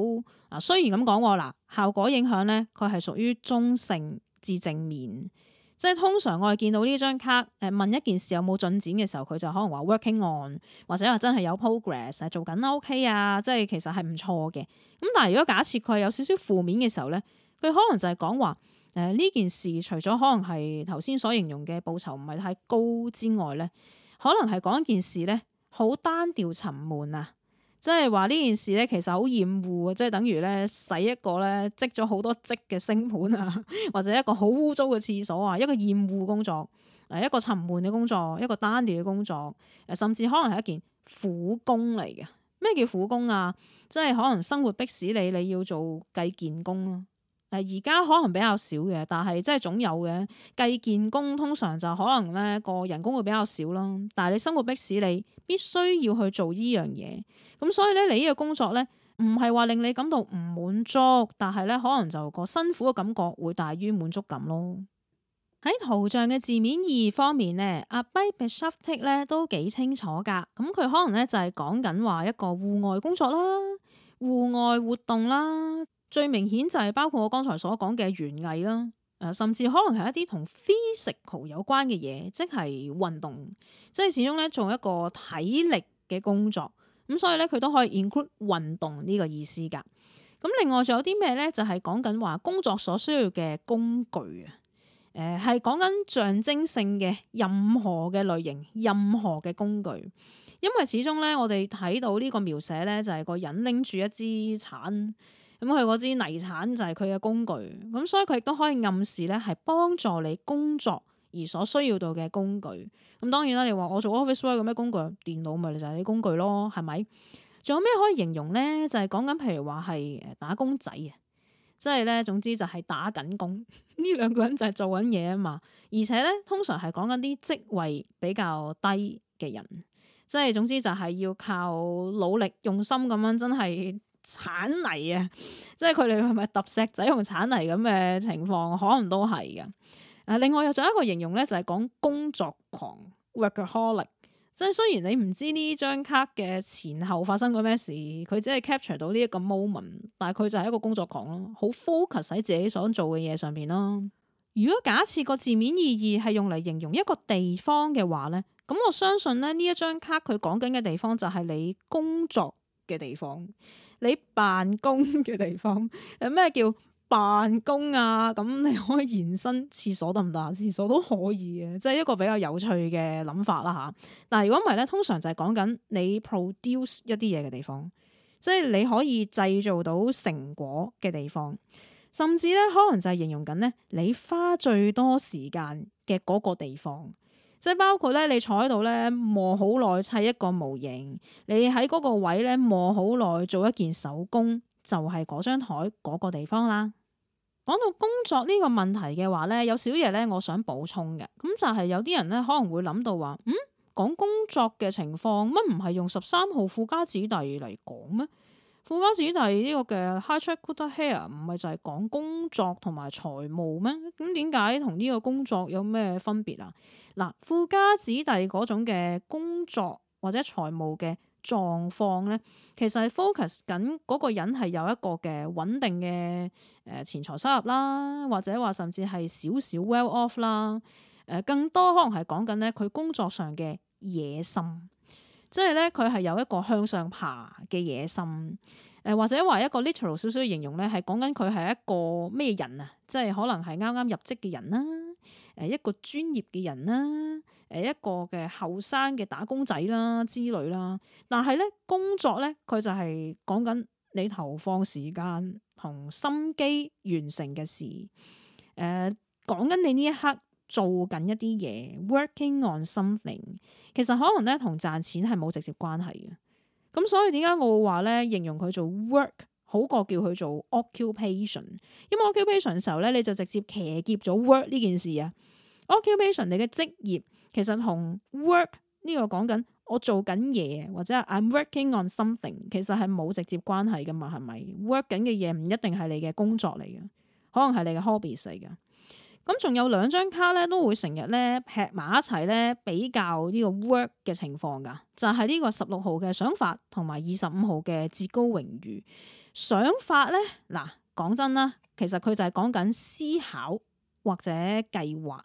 嗱，雖然咁講喎，嗱，效果影響咧，佢係屬於中性至正面，即係通常我哋見到呢張卡，誒，問一件事有冇進展嘅時候，佢就可能話 working on，或者話真係有 progress，做緊 OK 啊，即係其實係唔錯嘅。咁但係如果假設佢係有少少負面嘅時候咧，佢可能就係講話，誒、呃、呢件事除咗可能係頭先所形容嘅報酬唔係太高之外咧，可能係講一件事咧，好單調沉悶啊！即係話呢件事咧，其實好厭惡啊！即係等於咧，洗一個咧積咗好多積嘅星盤啊，或者一個好污糟嘅廁所啊，一個厭惡工作，誒一個沉悶嘅工作，一個單調嘅工作，甚至可能係一件苦工嚟嘅。咩叫苦工啊？即係可能生活迫使你，你要做計件工咯。而家可能比較少嘅，但係即係總有嘅。計件工通常就可能咧個人工會比較少咯，但係你生活迫使你必須要去做依樣嘢，咁所以咧你呢個工作咧唔係話令你感到唔滿足，但係咧可能就個辛苦嘅感覺會大於滿足感咯。喺圖像嘅字面意義方面咧，阿 Bashuftik 咧都幾清楚㗎，咁佢可能咧就係講緊話一個戶外工作啦、戶外活動啦。最明顯就係包括我剛才所講嘅園藝啦，誒，甚至可能係一啲同 physical 有關嘅嘢，即係運動，即係始終咧做一個體力嘅工作，咁所以咧佢都可以 include 運動呢個意思噶咁另外仲有啲咩咧？就係講緊話工作所需要嘅工具啊，誒、呃，係講緊象徵性嘅任何嘅類型、任何嘅工具，因為始終咧我哋睇到呢個描寫咧就係個人拎住一支鏟。咁佢嗰支泥鏟就係佢嘅工具，咁所以佢亦都可以暗示咧，係幫助你工作而所需要到嘅工具。咁當然啦，你話我做 office work 咁咩工具？電腦咪就係啲工具咯，係咪？仲有咩可以形容咧？就係講緊，譬如話係誒打工仔啊，即係咧，總之就係打緊工。呢 兩個人就係做緊嘢啊嘛，而且咧，通常係講緊啲職位比較低嘅人，即係總之就係要靠努力用心咁樣，真係。鏟泥啊，即係佢哋係咪揼石仔同鏟泥咁嘅情況，可能都係嘅。誒，另外有就一個形容咧，就係講工作狂 workaholic。即係雖然你唔知呢張卡嘅前後發生過咩事，佢只係 capture 到呢一個 moment，但係佢就係一個工作狂咯，好 focus 喺自己想做嘅嘢上面咯。如果假設個字面意義係用嚟形容一個地方嘅話咧，咁我相信咧，呢一張卡佢講緊嘅地方就係你工作嘅地方。你辦公嘅地方有咩叫辦公啊？咁你可以延伸廁所得唔得啊？廁所都可以嘅，即係一個比較有趣嘅諗法啦。吓，但係，如果唔係咧，通常就係講緊你 produce 一啲嘢嘅地方，即係你可以製造到成果嘅地方，甚至咧可能就係形容緊咧你花最多時間嘅嗰個地方。即包括咧，你坐喺度咧磨好耐砌一個模型，你喺嗰個位咧磨好耐做一件手工，就係嗰張台嗰個地方啦。講到工作呢個問題嘅話咧，有少嘢咧，我想補充嘅，咁就係有啲人咧可能會諗到話，嗯，講工作嘅情況，乜唔係用十三號富家子弟嚟講咩？富家子弟呢個嘅 high track good hair 唔係就係講工作同埋財務咩？咁點解同呢個工作有咩分別啊？嗱，富家子弟嗰種嘅工作或者財務嘅狀況咧，其實係 focus 緊嗰個人係有一個嘅穩定嘅誒錢財收入啦，或者話甚至係少少 well off 啦，誒更多可能係講緊咧佢工作上嘅野心。即係咧，佢係有一個向上爬嘅野心，誒或者話一個 literal 少少嘅形容咧，係講緊佢係一個咩人啊？即係可能係啱啱入職嘅人啦，誒一個專業嘅人啦，誒一個嘅後生嘅打工仔啦之類啦。但係咧，工作咧，佢就係講緊你投放時間同心機完成嘅事，誒講緊你呢一刻。做緊一啲嘢，working on something，其實可能咧同賺錢係冇直接關係嘅，咁所以點解我會話咧，形容佢做 work 好過叫佢做 occupation，因為 occupation 時候咧你就直接騎劫咗 work 呢件事啊。occupation 你嘅職業其實同 work 呢個講緊我做緊嘢或者係 I'm working on something，其實係冇直接關係噶嘛，係咪？work 緊嘅嘢唔一定係你嘅工作嚟嘅，可能係你嘅 hobby 嚟嘅。咁仲有兩張卡咧，都會成日咧劈埋一齊咧，比較呢個 work 嘅情況噶，就係呢個十六號嘅想法同埋二十五號嘅至高榮譽。想法咧，嗱，講真啦，其實佢就係講緊思考或者計劃，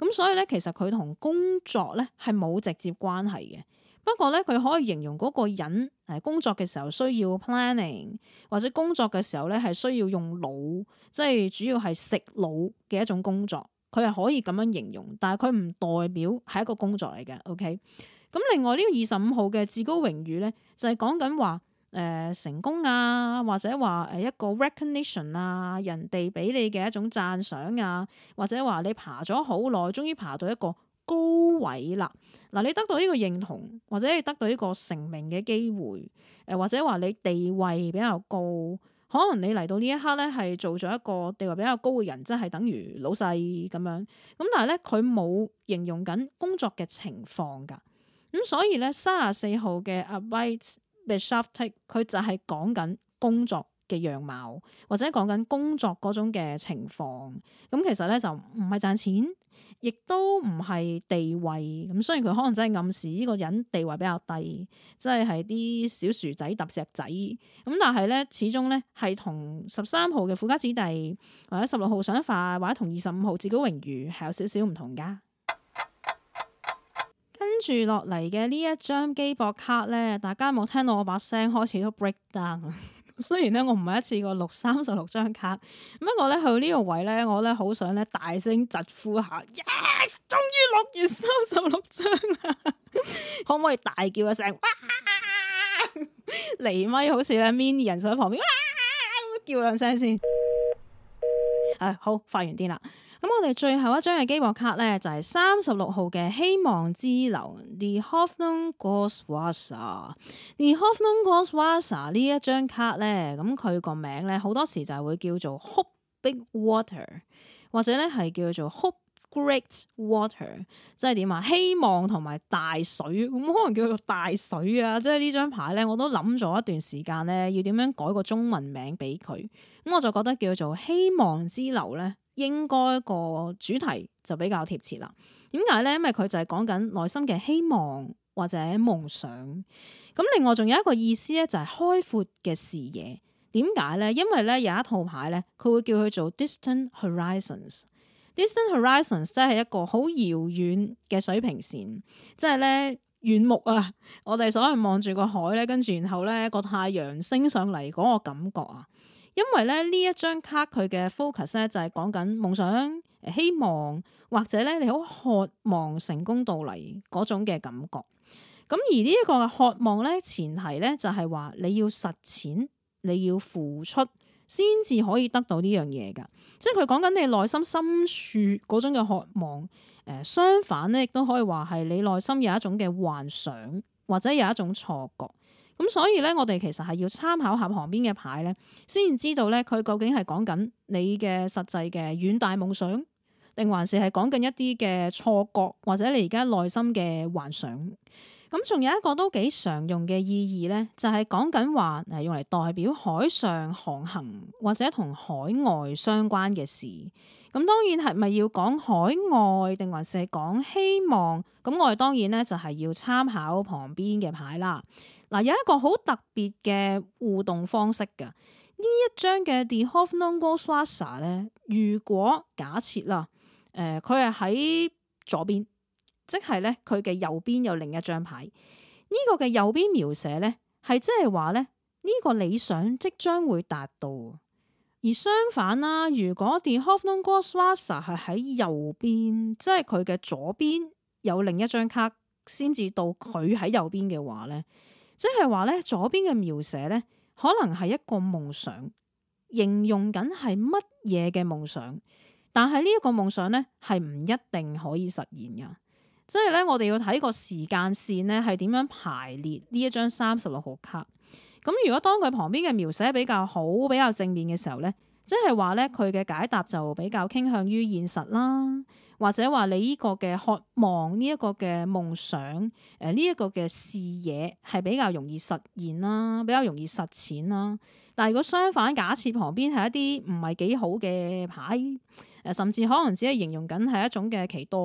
咁所以咧，其實佢同工作咧係冇直接關係嘅。不過咧，佢可以形容嗰個人誒工作嘅時候需要 planning，或者工作嘅時候咧係需要用腦，即係主要係食腦嘅一種工作，佢係可以咁樣形容。但係佢唔代表係一個工作嚟嘅，OK？咁另外呢個二十五號嘅至高榮譽咧，就係講緊話誒成功啊，或者話誒一個 recognition 啊，人哋俾你嘅一種讚賞啊，或者話你爬咗好耐，終於爬到一個高位啦，嗱，你得到呢個認同，或者你得到呢個成名嘅機會，誒或者話你地位比較高，可能你嚟到呢一刻咧係做咗一個地位比較高嘅人，即係等於老細咁樣，咁但係咧佢冇形容緊工作嘅情況噶，咁所以咧三十四號嘅阿 White Bishop，佢就係講緊工作。嘅樣貌，或者講緊工作嗰種嘅情況，咁其實咧就唔係賺錢，亦都唔係地位咁。雖然佢可能真係暗示呢個人地位比較低，即係係啲小薯仔揼石仔咁，但係咧始終咧係同十三號嘅富家子弟，或者十六號想一化，或者同二十五號至高榮譽係有少少唔同㗎。跟住落嚟嘅呢一張機博卡咧，大家有冇聽到我把聲開始都 break down。 雖然咧我唔係一次過錄三十六張卡，不過咧去到呢個位咧，我咧好想咧大聲疾呼下，yes，終於錄完三十六張啦！ 可唔可以大叫一聲哇？厘 米好似咧 mini 人手喺旁邊哇， 叫兩聲先。誒、啊，好，發完癲啦。咁我哋最後一張嘅機博卡咧，就係三十六號嘅希望之流 The Hoffnung Grosses Wasser。The Hoffnung Grosses Wasser 呢一張卡咧，咁佢個名咧好多時就係會叫做 Hope Big Water，或者咧係叫做 Hope Great Water，即係點啊？希望同埋大水，咁可能叫做大水啊！即係呢張牌咧，我都諗咗一段時間咧，要點樣改個中文名俾佢。咁我就覺得叫做希望之流咧。應該個主題就比較貼切啦。點解咧？因為佢就係講緊內心嘅希望或者夢想。咁另外仲有一個意思咧，就係開闊嘅視野。點解咧？因為咧有一套牌咧，佢會叫佢做 Distant Horizons。Distant Horizons 即係一個好遙遠嘅水平線，即係咧遠目啊！我哋所謂望住個海咧，跟住然後咧個太陽升上嚟嗰個感覺啊！因為咧呢一張卡佢嘅 focus 咧就係講緊夢想、希望或者咧你好渴望成功到嚟嗰種嘅感覺。咁而呢一個渴望咧，前提咧就係話你要實踐，你要付出先至可以得到呢樣嘢噶。即係佢講緊你內心深處嗰種嘅渴望。誒、呃，相反咧亦都可以話係你內心有一種嘅幻想，或者有一種錯覺。咁所以咧，我哋其實係要參考下旁邊嘅牌咧，先知道咧佢究竟係講緊你嘅實際嘅遠大夢想，定還是係講緊一啲嘅錯覺，或者你而家內心嘅幻想。咁仲有一個都幾常用嘅意義咧，就係講緊話，用嚟代表海上航行或者同海外相關嘅事。咁當然係咪要講海外定還是係講希望？咁我哋當然咧就係要參考旁邊嘅牌啦。嗱，有一個好特別嘅互動方式㗎。呢一張嘅 The Hovnonoosa 咧，如果假設啦，誒佢係喺左邊。即係咧，佢嘅右邊有另一張牌。呢、這個嘅右邊描寫咧，係即係話咧呢個理想即將會達到。而相反啦，如果 the Hoffnung Grosswasser 係喺右邊，即係佢嘅左邊有另一張卡，先至到佢喺右邊嘅話咧，即係話咧左邊嘅描寫咧，可能係一個夢想，形容緊係乜嘢嘅夢想，但係呢一個夢想咧係唔一定可以實現噶。即係咧，我哋要睇個時間線呢係點樣排列呢一張三十六號卡。咁如果當佢旁邊嘅描寫比較好，比較正面嘅時候呢，即係話呢，佢嘅解答就比較傾向於現實啦，或者話你呢個嘅渴望，呢一個嘅夢想，誒呢一個嘅視野係比較容易實現啦，比較容易實踐啦。但係如果相反，假設旁邊係一啲唔係幾好嘅牌。甚至可能只係形容緊係一種嘅期待，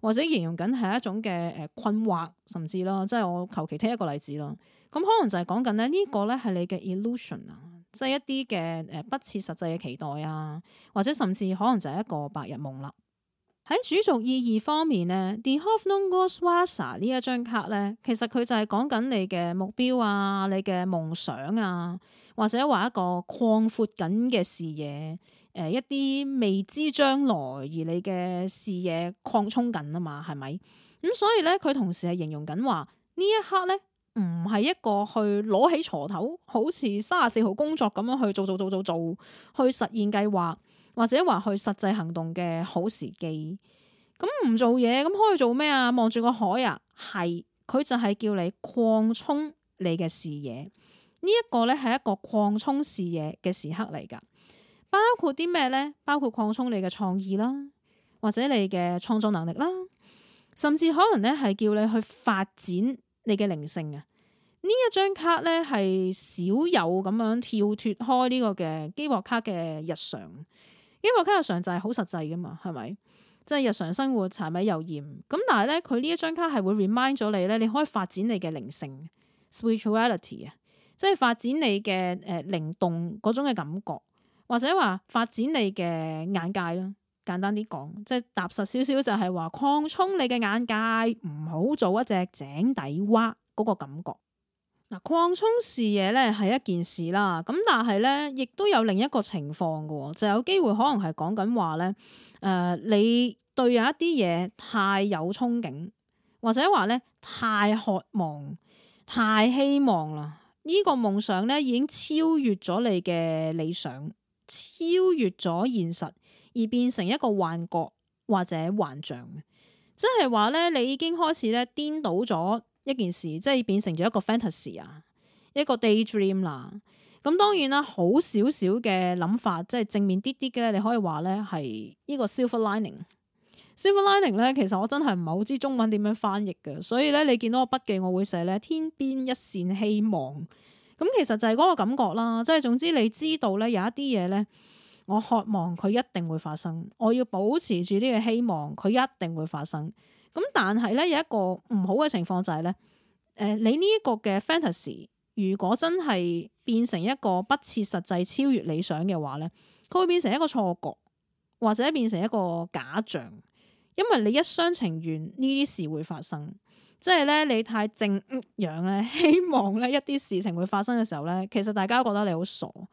或者形容緊係一種嘅誒困惑，甚至咯，即係我求其聽一個例子咯。咁可能就係講緊咧呢個咧係你嘅 illusion 啊，即係一啲嘅誒不切實際嘅期待啊，或者甚至可能就係一個白日夢啦。喺 主軸意義方面呢 The Hoffnungswasser 呢一張卡咧，其實佢就係講緊你嘅目標啊，你嘅夢想啊，或者話一個擴闊緊嘅視野。誒、呃，一啲未知將來而你嘅視野擴充緊啊嘛，係咪？咁、嗯、所以咧，佢同時係形容緊話呢一刻咧，唔係一個去攞起鋤頭，好似三十四號工作咁樣去做做做做做，去實現計劃或者話去實際行動嘅好時機。咁、嗯、唔做嘢，咁可以做咩啊？望住個海啊，係佢就係叫你擴充你嘅視野。這個、呢一個咧係一個擴充視野嘅時刻嚟噶。包括啲咩咧？包括擴充你嘅創意啦，或者你嘅創作能力啦，甚至可能咧係叫你去發展你嘅靈性啊。呢一張卡咧係少有咁樣跳脫開呢個嘅機博卡嘅日常。機博卡日常就係好實際噶嘛，係咪？即係日常生活柴米油鹽咁？但係咧，佢呢一張卡係會 remind 咗你咧，你可以發展你嘅靈性 spirituality 啊，Spiritual ity，即係發展你嘅誒靈動嗰種嘅感覺。或者話發展你嘅眼界咯，簡單啲講，即係踏實少少就係話擴充你嘅眼界，唔好做一隻井底蛙嗰個感覺。嗱，擴充視野咧，係一件事啦，咁但係咧亦都有另一個情況嘅，就有機會可能係講緊話咧，誒、呃，你對有一啲嘢，太有憧憬，或者話咧太渴望，太希望啦，呢、這個夢想咧已經超越咗你嘅理想。超越咗現實而變成一個幻覺或者幻象，即係話咧，你已經開始咧顛倒咗一件事，即係變成咗一個 fantasy 啊，一個 daydream 啦。咁當然啦，好少少嘅諗法，即係正面啲啲嘅咧，你可以話咧係呢個 silver lining silver lining。silver lining 咧，其實我真係唔係好知中文點樣翻譯嘅，所以咧你見到個筆記我會寫咧天邊一線希望。咁其實就係嗰個感覺啦，即係總之你知道咧有一啲嘢咧，我渴望佢一定會發生，我要保持住呢個希望佢一定會發生。咁但係咧有一個唔好嘅情況就係、是、咧，誒你呢一個嘅 fantasy 如果真係變成一個不切實際、超越理想嘅話咧，佢會變成一個錯覺，或者變成一個假象，因為你一廂情願呢啲事會發生。即係咧，你太正仰咧，嗯，希望咧一啲事情會發生嘅時候咧，其實大家都覺得你好傻。呢、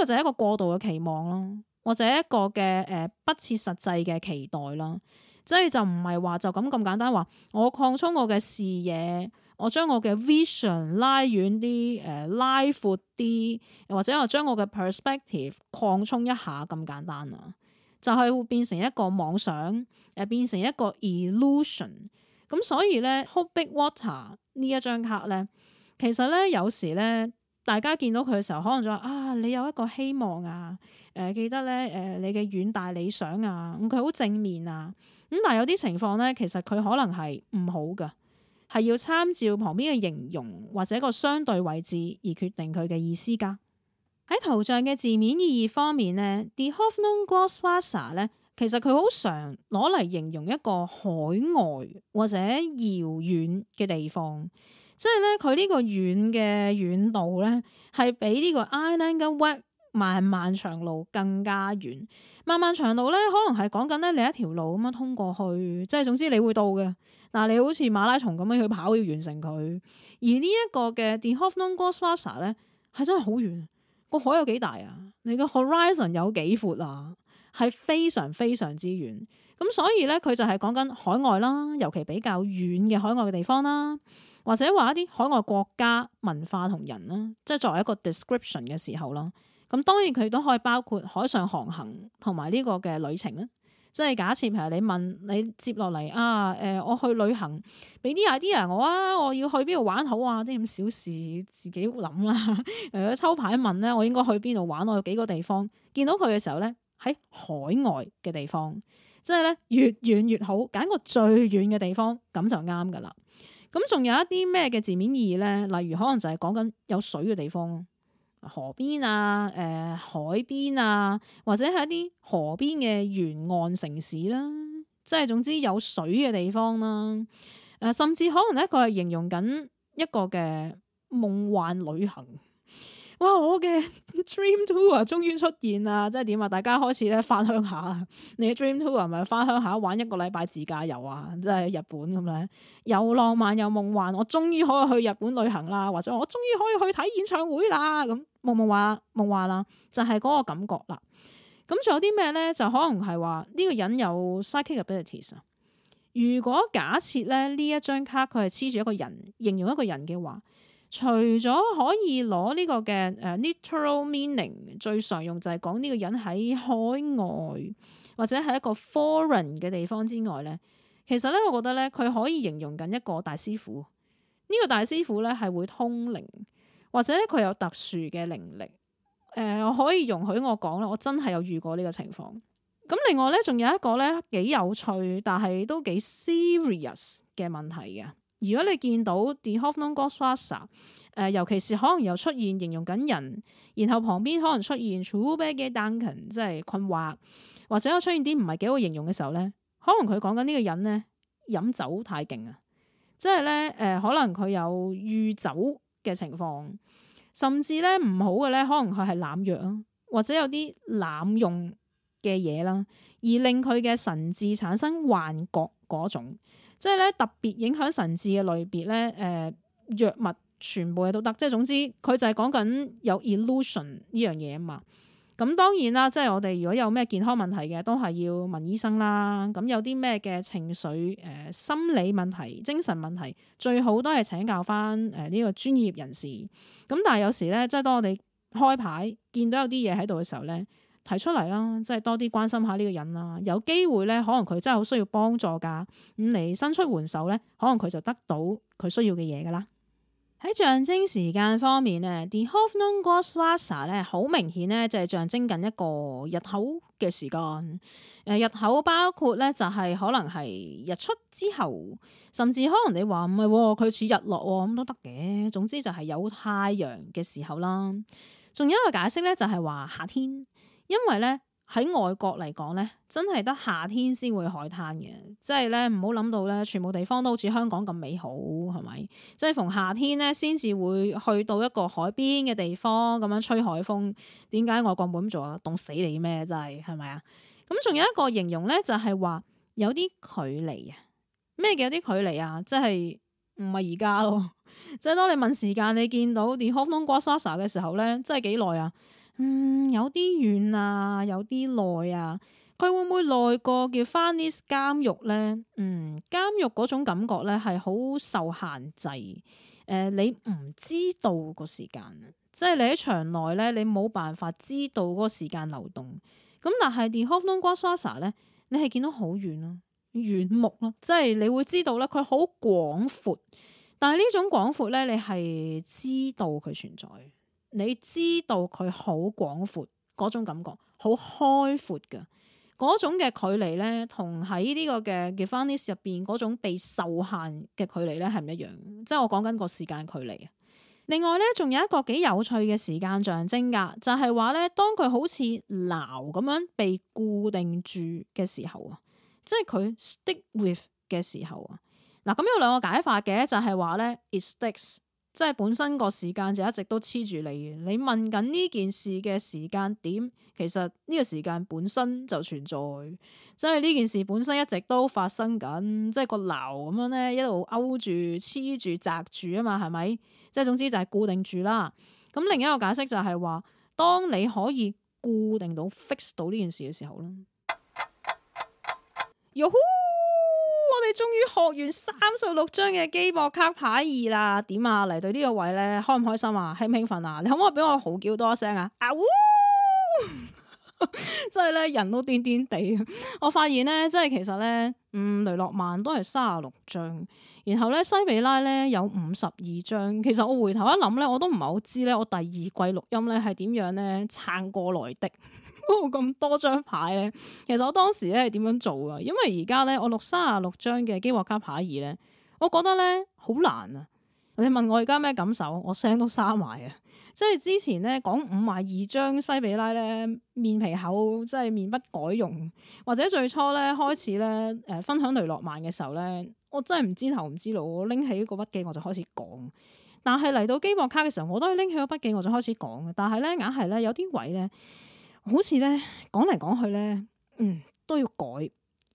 這個就係一個過度嘅期望咯，或者一個嘅誒、呃、不切實際嘅期待咯。即係就唔係話就咁咁簡單話，我擴充我嘅視野，我將我嘅 vision 拉遠啲，誒、呃、拉闊啲，或者我將我嘅 perspective 擴充一下咁簡單啦，就係會變成一個妄想，誒變成一個 illusion。咁所以咧，Hope Big Water 一張，呢一張卡咧，其實咧有時咧，大家見到佢嘅時候，可能就話啊，你有一個希望啊，誒、呃，記得咧，誒、呃，你嘅遠大理想啊，咁佢好正面啊，咁但係有啲情況咧，其實佢可能係唔好噶，係要參照旁邊嘅形容或者個相對位置而決定佢嘅意思噶。喺圖像嘅字面意義方面咧，the Hoffnung grosses Wasser 咧。其實佢好常攞嚟形容一個海外或者遙遠嘅地方，即係咧佢呢個遠嘅遠度咧，係比呢個 Island o、er、West 漫漫長路更加遠。漫漫長路咧，可能係講緊咧你一條路咁樣通過去，即係總之你會到嘅。嗱，你好似馬拉松咁樣去跑要完成佢，而呢一個嘅 d e Half Long Coast Water 咧係真係好遠。個海有幾大啊？你個 horizon 有幾闊啊？係非常非常之遠，咁所以咧佢就係講緊海外啦，尤其比較遠嘅海外嘅地方啦，或者話一啲海外國家文化同人啦，即係作為一個 description 嘅時候啦。咁當然佢都可以包括海上航行同埋呢個嘅旅程啦。即係假設譬如你問你接落嚟啊，誒、呃，我去旅行，俾啲 idea 我啊，我要去邊度玩好啊？啲咁小事自己諗啦、啊。誒、呃、抽牌問咧，我應該去邊度玩？我有幾個地方見到佢嘅時候咧。喺海外嘅地方，即係咧越遠越好，揀個最遠嘅地方咁就啱噶啦。咁仲有一啲咩嘅字面意義咧？例如可能就係講緊有水嘅地方，河邊啊、誒、呃、海邊啊，或者係一啲河邊嘅沿岸城市啦，即係總之有水嘅地方啦、啊。誒、呃，甚至可能咧佢係形容緊一個嘅夢幻旅行。哇！我嘅 Dream Tour 終於出現啦，即係點啊？大家開始咧翻鄉下啊？你嘅 Dream Tour 係咪翻鄉下玩一個禮拜自駕遊啊？即係日本咁樣，又浪漫又夢幻，我終於可以去日本旅行啦，或者我終於可以去睇演唱會啦咁，夢夢話夢話啦，就係嗰個感覺啦。咁仲有啲咩咧？就可能係話呢個人有 psychic abilities 啊。如果假設咧呢一張卡佢係黐住一個人，形容一個人嘅話。除咗可以攞呢個嘅誒 literal meaning 最常用就係講呢個人喺海外或者係一個 foreign 嘅地方之外咧，其實咧我覺得咧佢可以形容緊一個大師傅。呢、這個大師傅咧係會通靈，或者佢有特殊嘅靈力。誒、呃、可以容許我講咧，我真係有遇過呢個情況。咁另外咧仲有一個咧幾有趣，但係都幾 serious 嘅問題嘅。如果你見到 d h e hot non glass water，誒、呃、尤其是可能又出現形容緊人，然後旁邊可能出現 true bad 嘅蛋殼，即係困惑，或者出現啲唔係幾好形容嘅時候咧，可能佢講緊呢個人咧飲酒太勁啊，即係咧誒可能佢有酗酒嘅情況，甚至咧唔好嘅咧，可能佢係濫藥啊，或者有啲濫用嘅嘢啦，而令佢嘅神智產生幻覺嗰種。即係咧特別影響神智嘅類別咧，誒、呃、藥物全部嘢都得。即係總之佢就係講緊有 illusion 呢樣嘢啊嘛。咁當然啦，即係我哋如果有咩健康問題嘅，都係要問醫生啦。咁有啲咩嘅情緒誒、呃、心理問題、精神問題，最好都係請教翻誒呢個專業人士。咁但係有時咧，即係當我哋開牌見到有啲嘢喺度嘅時候咧，提出嚟啦，即係多啲關心下呢個人啦。有機會咧，可能佢真係好需要幫助噶，咁嚟伸出援手咧，可能佢就得到佢需要嘅嘢噶啦。喺象徵時間方面咧，The Hofnung Gottes Wasser 咧，好明顯咧就係象徵緊一個日口嘅時間。誒，日口包括咧就係可能係日出之後，甚至可能你話唔係，佢似、哦、日落咁都得嘅。總之就係有太陽嘅時候啦。仲有一個解釋咧，就係話夏天。因為咧喺外國嚟講咧，真係得夏天先會海灘嘅，即係咧唔好諗到咧，全部地方都好似香港咁美好，係咪？即係逢夏天咧，先至會去到一個海邊嘅地方咁樣吹海風。點解外國冇咁做啊？凍死你咩真係？係咪啊？咁仲有一個形容咧，就係話有啲距離啊？咩叫有啲距離啊？即係唔係而家咯？ 即係當你問時間，你見到啲 half an hour 嘅時候咧，即係幾耐啊？嗯，有啲遠啊，有啲耐啊，佢會唔會耐過叫 finish 監獄咧？嗯，監獄嗰種感覺咧係好受限制，誒、呃，你唔知道個時間，即係你喺場內咧，你冇辦法知道嗰個時間流動。咁但係連 Hoffnungwasser 咧，你係見到好遠咯，遠目咯，即係你會知道咧，佢好廣闊，但係呢種廣闊咧，你係知道佢存在。你知道佢好廣闊嗰種感覺，好開闊嘅嗰種嘅距離咧，同喺呢個嘅 e f 結婚歷史入邊嗰種被受限嘅距離咧係唔一樣嘅。即係我講緊個時間距離啊。另外咧，仲有一個幾有趣嘅時間象徵㗎，就係話咧，當佢好似牢咁樣被固定住嘅時候啊，即係佢 stick with 嘅時候啊。嗱咁有兩個解法嘅，就係話咧，it sticks。即係本身個時間就一直都黐住你，你問緊呢件事嘅時間點，其實呢個時間本身就存在，即係呢件事本身一直都發生緊，即係個流咁樣咧一路勾住黐住紮住啊嘛，係咪？即係總之就係固定住啦。咁另一個解釋就係話，當你可以固定到 fix 到呢件事嘅時候咧 y a 終於學完三十六張嘅基博卡牌二啦，點啊，嚟到呢個位咧開唔開心啊，興唔興奮啊？你可唔可以俾我嚎叫多一聲啊？啊嗚，即係咧人都癲癲地，我發現咧，即係其實咧，嗯雷諾曼都係三十六張，然後咧西比拉咧有五十二張。其實我回頭一諗咧，我都唔係好知咧，我第二季錄音咧係點樣咧撐過來的。咁多張牌咧，其實我當時咧係點樣做噶？因為而家咧我錄三十六張嘅機博卡牌二咧，我覺得咧好難啊！你問我而家咩感受，我聲都沙埋啊！即係之前咧講五十二張西比拉咧面皮厚，即係面不改容，或者最初咧開始咧誒分享雷諾曼嘅時候咧，我真係唔知頭唔知路，我拎起個筆記我就開始講。但係嚟到機博卡嘅時候，我都係拎起個筆記我就開始講嘅。但係咧硬係咧有啲位咧。好似咧，講嚟講去咧，嗯，都要改，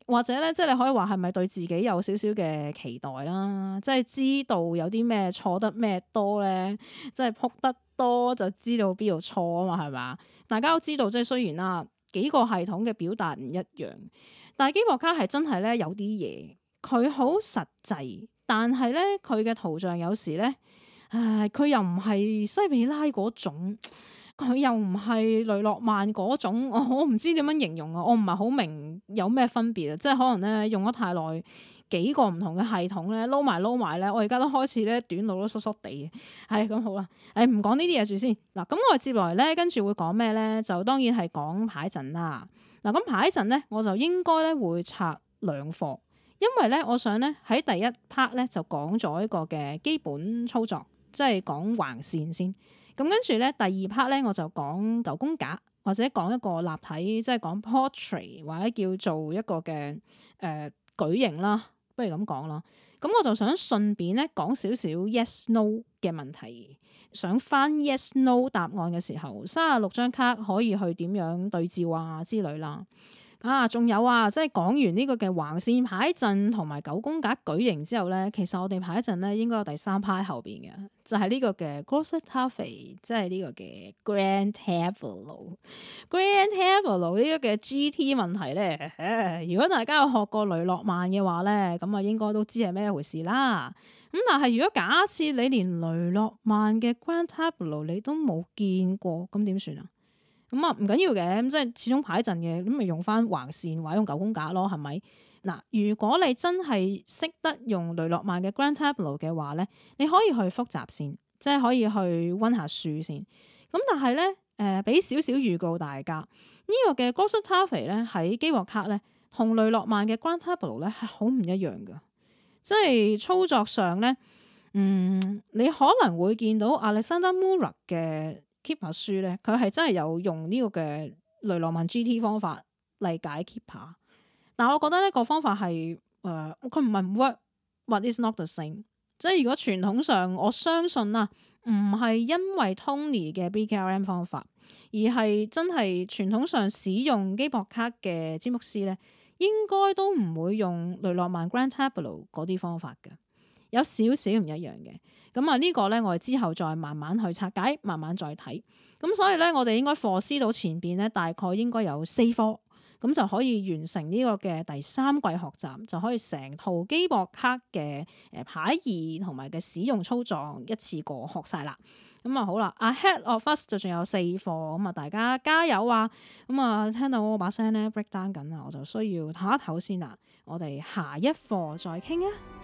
或者咧，即係你可以話係咪對自己有少少嘅期待啦，即係知道有啲咩錯得咩多咧，即係扑得多就知道邊度錯啊嘛，係咪？大家都知道，即係雖然啦，幾個系統嘅表達唔一樣，但係基博卡係真係咧有啲嘢，佢好實際，但係咧佢嘅圖像有時咧，唉，佢又唔係西美拉嗰種。佢又唔係雷諾曼嗰種，我唔知點樣形容啊，我唔係好明有咩分別啊，即係可能咧用咗太耐幾個唔同嘅系統咧，撈埋撈埋咧，我而家都開始咧短路咗疏疏地，係、哎、咁好啦，誒，唔講呢啲嘢住先，嗱咁我接來咧跟住會講咩咧？就當然係講排陣啦，嗱咁排陣咧，我就應該咧會拆兩課，因為咧我想咧喺第一 part 咧就講咗一個嘅基本操作，即係講橫線先。咁跟住咧，第二 part 咧，我就講九宮格，或者講一個立體，即係講 portrait 或者叫做一個嘅誒、呃、舉型啦，不如咁講咯。咁我就想順便咧講少少 yes no 嘅問題，想翻 yes no 答案嘅時候，三十六張卡可以去點樣對照啊之類啦。啊，仲有啊，即係講完呢個嘅橫線派陣同埋九宮格舉形之後咧，其實我哋排一陣咧，應該有第三排後邊嘅，就係、是、呢個嘅 Gross t u f e y 即係呢個嘅 Grand Tableau，Grand Tableau 呢個嘅 G T 問題咧，如果大家有學過雷諾曼嘅話咧，咁啊應該都知係咩回事啦。咁但係如果假設你連雷諾曼嘅 Grand Tableau 你都冇見過，咁點算啊？咁啊，唔緊要嘅，咁即係始終排陣嘅，咁咪用翻橫線或者用九宮格咯，係咪？嗱，如果你真係識得用雷諾曼嘅 Grand Tableau 嘅話咧，你可以去複習先，即係可以去溫下書先。咁但係咧，誒、呃，俾少少預告大家，這個、呢個嘅 Grand Tableau 咧喺機卧卡咧，同雷諾曼嘅 Grand Tableau 咧係好唔一樣嘅，即係操作上咧，嗯，你可能會見到亞歷山大穆拉嘅。Keeper 書咧，佢係、er、真係有用呢個嘅雷諾曼 GT 方法嚟解 Keeper。但我覺得呢個方法係誒，佢唔係 work。but it's not the same。即係如果傳統上我相信啦，唔係因為 Tony 嘅 BKRM 方法，而係真係傳統上使用基博卡嘅詹姆斯咧，應該都唔會用雷諾曼 Grand Tableau 嗰啲方法嘅。有少少唔一樣嘅。咁啊，呢個咧我哋之後再慢慢去拆解，慢慢再睇。咁所以咧，我哋應該課思到前邊咧，大概應該有四課。咁就可以完成呢個嘅第三季學習，就可以成套機博克嘅誒牌二同埋嘅使用操作一次過學晒啦。咁啊、嗯、好啦，ahead of us 就仲有四課，咁啊大家加油啊！咁、嗯、啊聽到我把聲咧 break down 緊啊，我就需要唞一唞先啦。我哋下一課再傾啊！